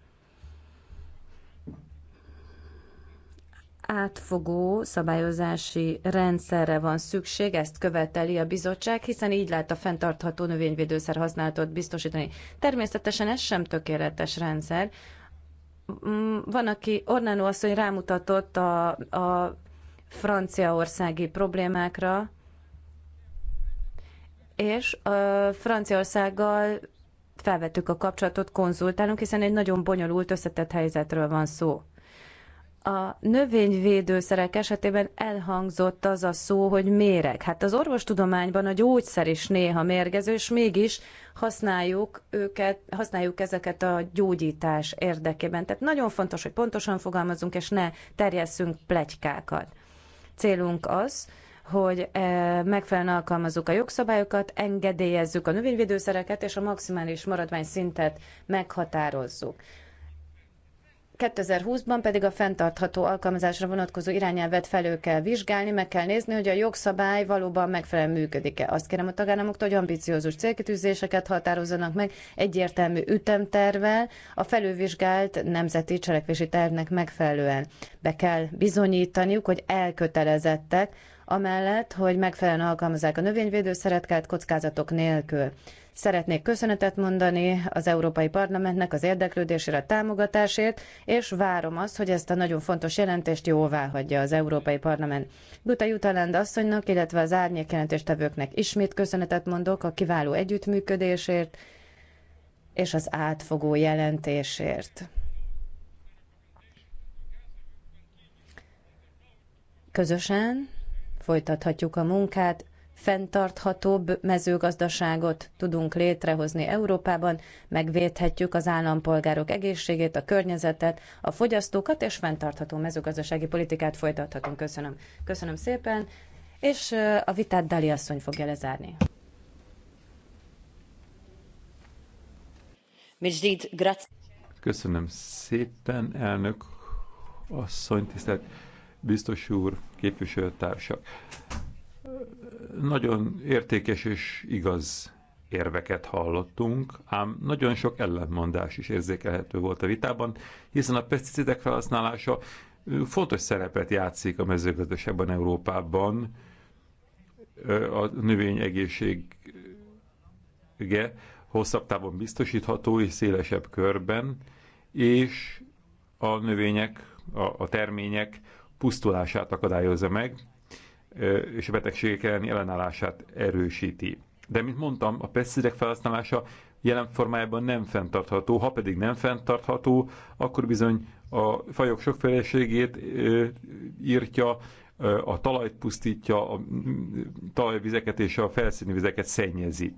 átfogó szabályozási rendszerre van szükség, ezt követeli a bizottság, hiszen így lehet a fenntartható növényvédőszer használatot biztosítani. Természetesen ez sem tökéletes rendszer. Mm, van, aki Ornánó asszony rámutatott a, a franciaországi problémákra, és a Franciaországgal felvettük a kapcsolatot, konzultálunk, hiszen egy nagyon bonyolult, összetett helyzetről van szó. A növényvédőszerek esetében elhangzott az a szó, hogy méreg. Hát az orvostudományban a gyógyszer is néha mérgező, és mégis használjuk őket, használjuk ezeket a gyógyítás érdekében. Tehát nagyon fontos, hogy pontosan fogalmazunk, és ne terjesszünk plegykákat. Célunk az, hogy eh, megfelelően alkalmazzuk a jogszabályokat, engedélyezzük a növényvédőszereket, és a maximális maradvány szintet meghatározzuk. 2020-ban pedig a fenntartható alkalmazásra vonatkozó irányelvet felül kell vizsgálni, meg kell nézni, hogy a jogszabály valóban megfelelően működik-e. Azt kérem a tagállamoktól, hogy ambiciózus célkitűzéseket határozzanak meg egyértelmű ütemtervel, a felülvizsgált nemzeti cselekvési tervnek megfelelően. Be kell bizonyítaniuk, hogy elkötelezettek, amellett, hogy megfelelően alkalmazzák a növényvédőszeretkát kockázatok nélkül. Szeretnék köszönetet mondani az Európai Parlamentnek az érdeklődésére, a támogatásért, és várom azt, hogy ezt a nagyon fontos jelentést jóvá hagyja az Európai Parlament. Guta Jutaland asszonynak, illetve az árnyék jelentéstevőknek ismét köszönetet mondok a kiváló együttműködésért és az átfogó jelentésért. Közösen folytathatjuk a munkát, fenntarthatóbb mezőgazdaságot tudunk létrehozni Európában, megvédhetjük az állampolgárok egészségét, a környezetet, a fogyasztókat, és fenntartható mezőgazdasági politikát folytathatunk. Köszönöm. Köszönöm szépen, és a vitát Dali asszony fogja lezárni. Köszönöm szépen, elnök asszony, tisztelt biztos úr, képviselőtársak nagyon értékes és igaz érveket hallottunk, ám nagyon sok ellentmondás is érzékelhető volt a vitában, hiszen a pesticidek felhasználása fontos szerepet játszik a mezőgazdaságban Európában, a növény egészsége hosszabb távon biztosítható és szélesebb körben, és a növények, a termények pusztulását akadályozza meg, és a betegségek elleni ellenállását erősíti. De, mint mondtam, a pesticidek felhasználása jelen formájában nem fenntartható, ha pedig nem fenntartható, akkor bizony a fajok sokféleségét írtja, a talajt pusztítja, a talajvizeket és a felszíni vizeket szennyezi.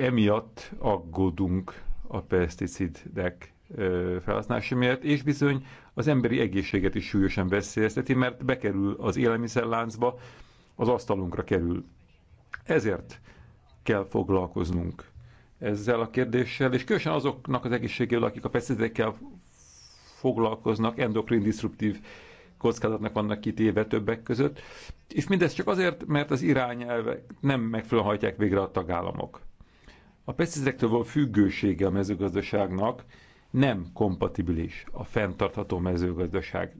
Emiatt aggódunk a pesticidek felhasználása miatt, és bizony az emberi egészséget is súlyosan veszélyezteti, mert bekerül az élelmiszerláncba, az asztalunkra kerül. Ezért kell foglalkoznunk ezzel a kérdéssel, és különösen azoknak az egészségével, akik a pesticidekkel foglalkoznak, endokrin diszruptív kockázatnak vannak kitéve többek között, és mindez csak azért, mert az irányelvek nem megfelelően hajtják végre a tagállamok. A peszticedektől való függősége a mezőgazdaságnak nem kompatibilis a fenntartható mezőgazdaság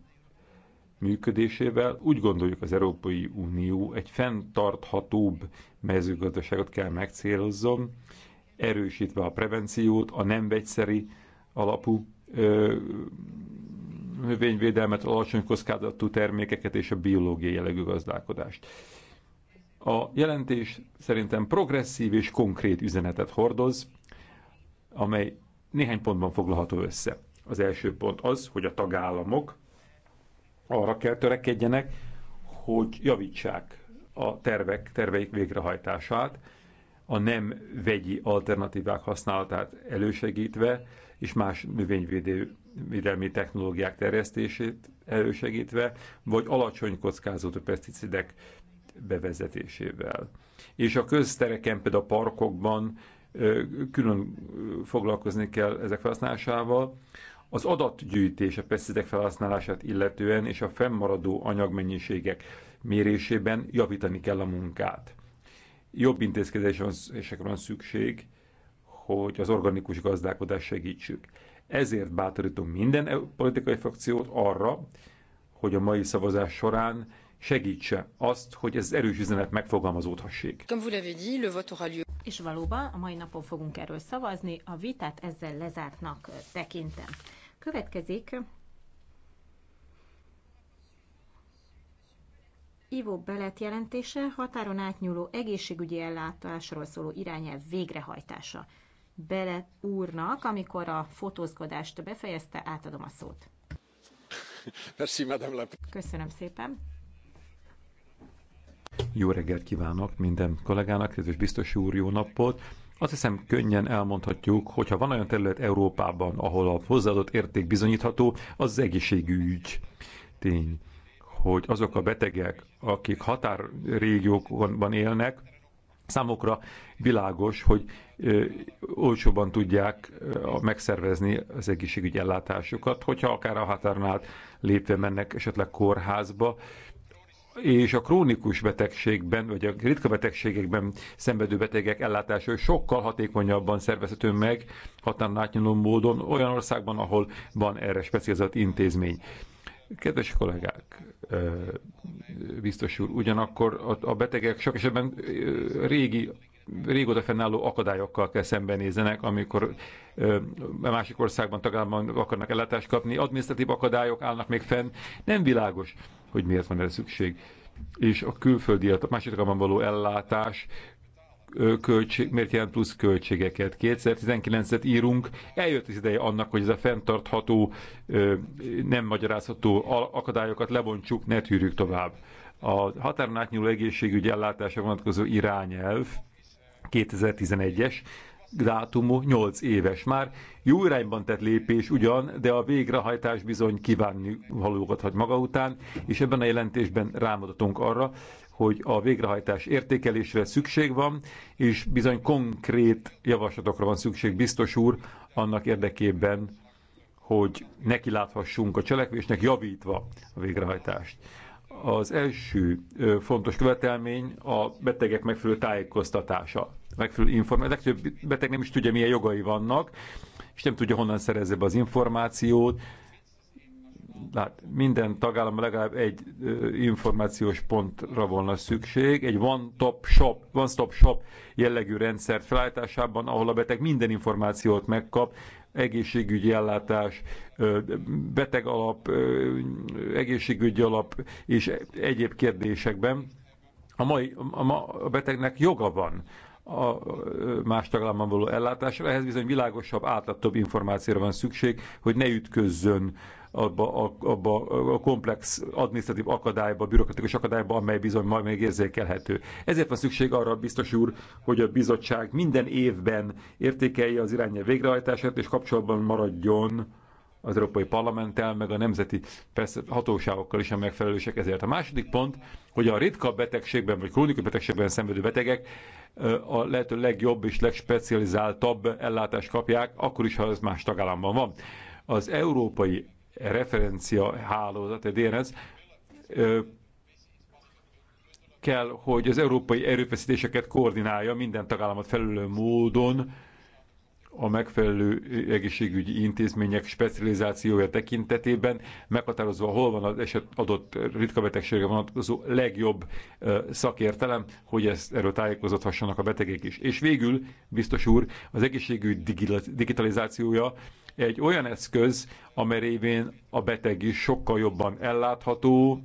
működésével. Úgy gondoljuk az Európai Unió egy fenntarthatóbb mezőgazdaságot kell megcélozzon, erősítve a prevenciót, a nem vegyszeri alapú ö, növényvédelmet, alacsony kockázatú termékeket és a biológiai jellegű gazdálkodást. A jelentés szerintem progresszív és konkrét üzenetet hordoz, amely néhány pontban foglalható össze. Az első pont az, hogy a tagállamok arra kell törekedjenek, hogy javítsák a tervek, terveik végrehajtását, a nem vegyi alternatívák használatát elősegítve, és más növényvédelmi technológiák terjesztését elősegítve, vagy alacsony kockázatú peszticidek bevezetésével. És a köztereken, például a parkokban külön foglalkozni kell ezek felhasználásával. Az adatgyűjtés a pesticidek felhasználását illetően és a fennmaradó anyagmennyiségek mérésében javítani kell a munkát. Jobb intézkedésekre van szükség, hogy az organikus gazdálkodást segítsük. Ezért bátorítom minden e- politikai frakciót arra, hogy a mai szavazás során segítse azt, hogy ez erős üzenet megfogalmazódhassék és valóban a mai napon fogunk erről szavazni, a vitát ezzel lezártnak tekintem. Következik Ivo Belet jelentése határon átnyúló egészségügyi ellátásról szóló irányelv végrehajtása. Belet úrnak, amikor a fotózkodást befejezte, átadom a szót. Köszönöm szépen. Jó reggelt kívánok minden kollégának, ez is biztos úr, jó napot! Azt hiszem, könnyen elmondhatjuk, hogy ha van olyan terület Európában, ahol a hozzáadott érték bizonyítható, az, az egészségügy. Tény, hogy azok a betegek, akik határrégiókban élnek, számokra világos, hogy ö, olcsóban tudják ö, megszervezni az egészségügyi ellátásokat, hogyha akár a határnál lépve mennek esetleg kórházba, és a krónikus betegségben, vagy a ritka betegségekben szenvedő betegek ellátása sokkal hatékonyabban szervezhető meg határon átnyúló módon olyan országban, ahol van erre specializált intézmény. Kedves kollégák, biztos úr, ugyanakkor a betegek sok esetben régi régóta fennálló akadályokkal kell szembenézenek, amikor a másik országban, tagállamban akarnak ellátást kapni. Adminisztratív akadályok állnak még fenn. Nem világos, hogy miért van erre szükség. És a külföldi, a másik tagállamban való ellátás költség, miért jelent plusz költségeket. 2019-et írunk, eljött az ideje annak, hogy ez a fenntartható, nem magyarázható akadályokat lebontsuk, ne tűrjük tovább. A határon átnyúló egészségügyi ellátásra vonatkozó irányelv 2011-es dátumú 8 éves már. Jó irányban tett lépés ugyan, de a végrehajtás bizony kívánni valókat hagy maga után, és ebben a jelentésben rámutatunk arra, hogy a végrehajtás értékelésre szükség van, és bizony konkrét javaslatokra van szükség, biztos úr, annak érdekében, hogy neki láthassunk a cselekvésnek, javítva a végrehajtást. Az első fontos követelmény a betegek megfelelő tájékoztatása megfelelő A legtöbb beteg nem is tudja, milyen jogai vannak, és nem tudja, honnan szerezze be az információt. Lát, minden tagállam legalább egy ö, információs pontra volna szükség, egy one-stop shop, one -stop shop jellegű rendszert felállításában, ahol a beteg minden információt megkap, egészségügyi ellátás, beteg alap, egészségügyi alap és egyéb kérdésekben. A mai a, ma, a betegnek joga van a más tagállamban való ellátásra. Ehhez bizony világosabb, átlátóbb információra van szükség, hogy ne ütközzön abba, a, abba a komplex administratív akadályba, bürokratikus akadályba, amely bizony majd még érzékelhető. Ezért van szükség arra, biztos úr, hogy a bizottság minden évben értékelje az irányel végrehajtását, és kapcsolatban maradjon az Európai Parlamenttel, meg a nemzeti hatóságokkal is a megfelelősek ezért. A második pont, hogy a ritka betegségben vagy krónikus betegségben szenvedő betegek a lehető legjobb és legspecializáltabb ellátást kapják, akkor is, ha ez más tagállamban van. Az Európai Referencia Hálózat, a DNS, kell, hogy az európai erőfeszítéseket koordinálja minden tagállamot felülő módon, a megfelelő egészségügyi intézmények specializációja tekintetében, meghatározva, hol van az eset adott ritka betegségre vonatkozó legjobb szakértelem, hogy ezt erről tájékozódhassanak a betegek is. És végül, biztos úr, az egészségügy digitalizációja egy olyan eszköz, amely révén a beteg is sokkal jobban ellátható.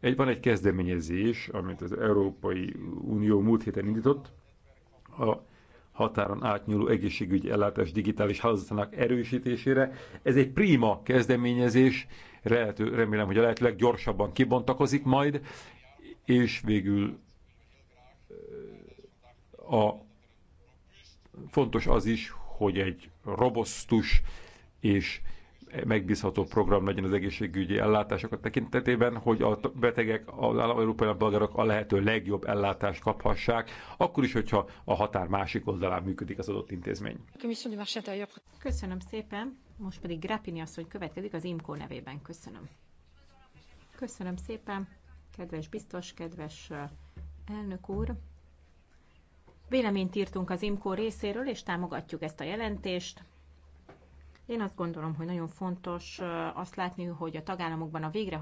Egy, van egy kezdeményezés, amit az Európai Unió múlt héten indított, a határon átnyúló egészségügyi ellátás digitális hálózatának erősítésére. Ez egy prima kezdeményezés, Rehető, remélem, hogy a lehető leggyorsabban kibontakozik majd, és végül a, fontos az is, hogy egy robosztus és megbízható program legyen az egészségügyi ellátásokat tekintetében, hogy a betegek, az európai polgárok a lehető legjobb ellátást kaphassák, akkor is, hogyha a határ másik oldalán működik az adott intézmény. Köszönöm szépen, most pedig Grappini asszony következik az IMCO nevében. Köszönöm. Köszönöm szépen, kedves biztos, kedves elnök úr. Véleményt írtunk az IMCO részéről, és támogatjuk ezt a jelentést. Én azt gondolom, hogy nagyon fontos azt látni, hogy a tagállamokban a végrehajtás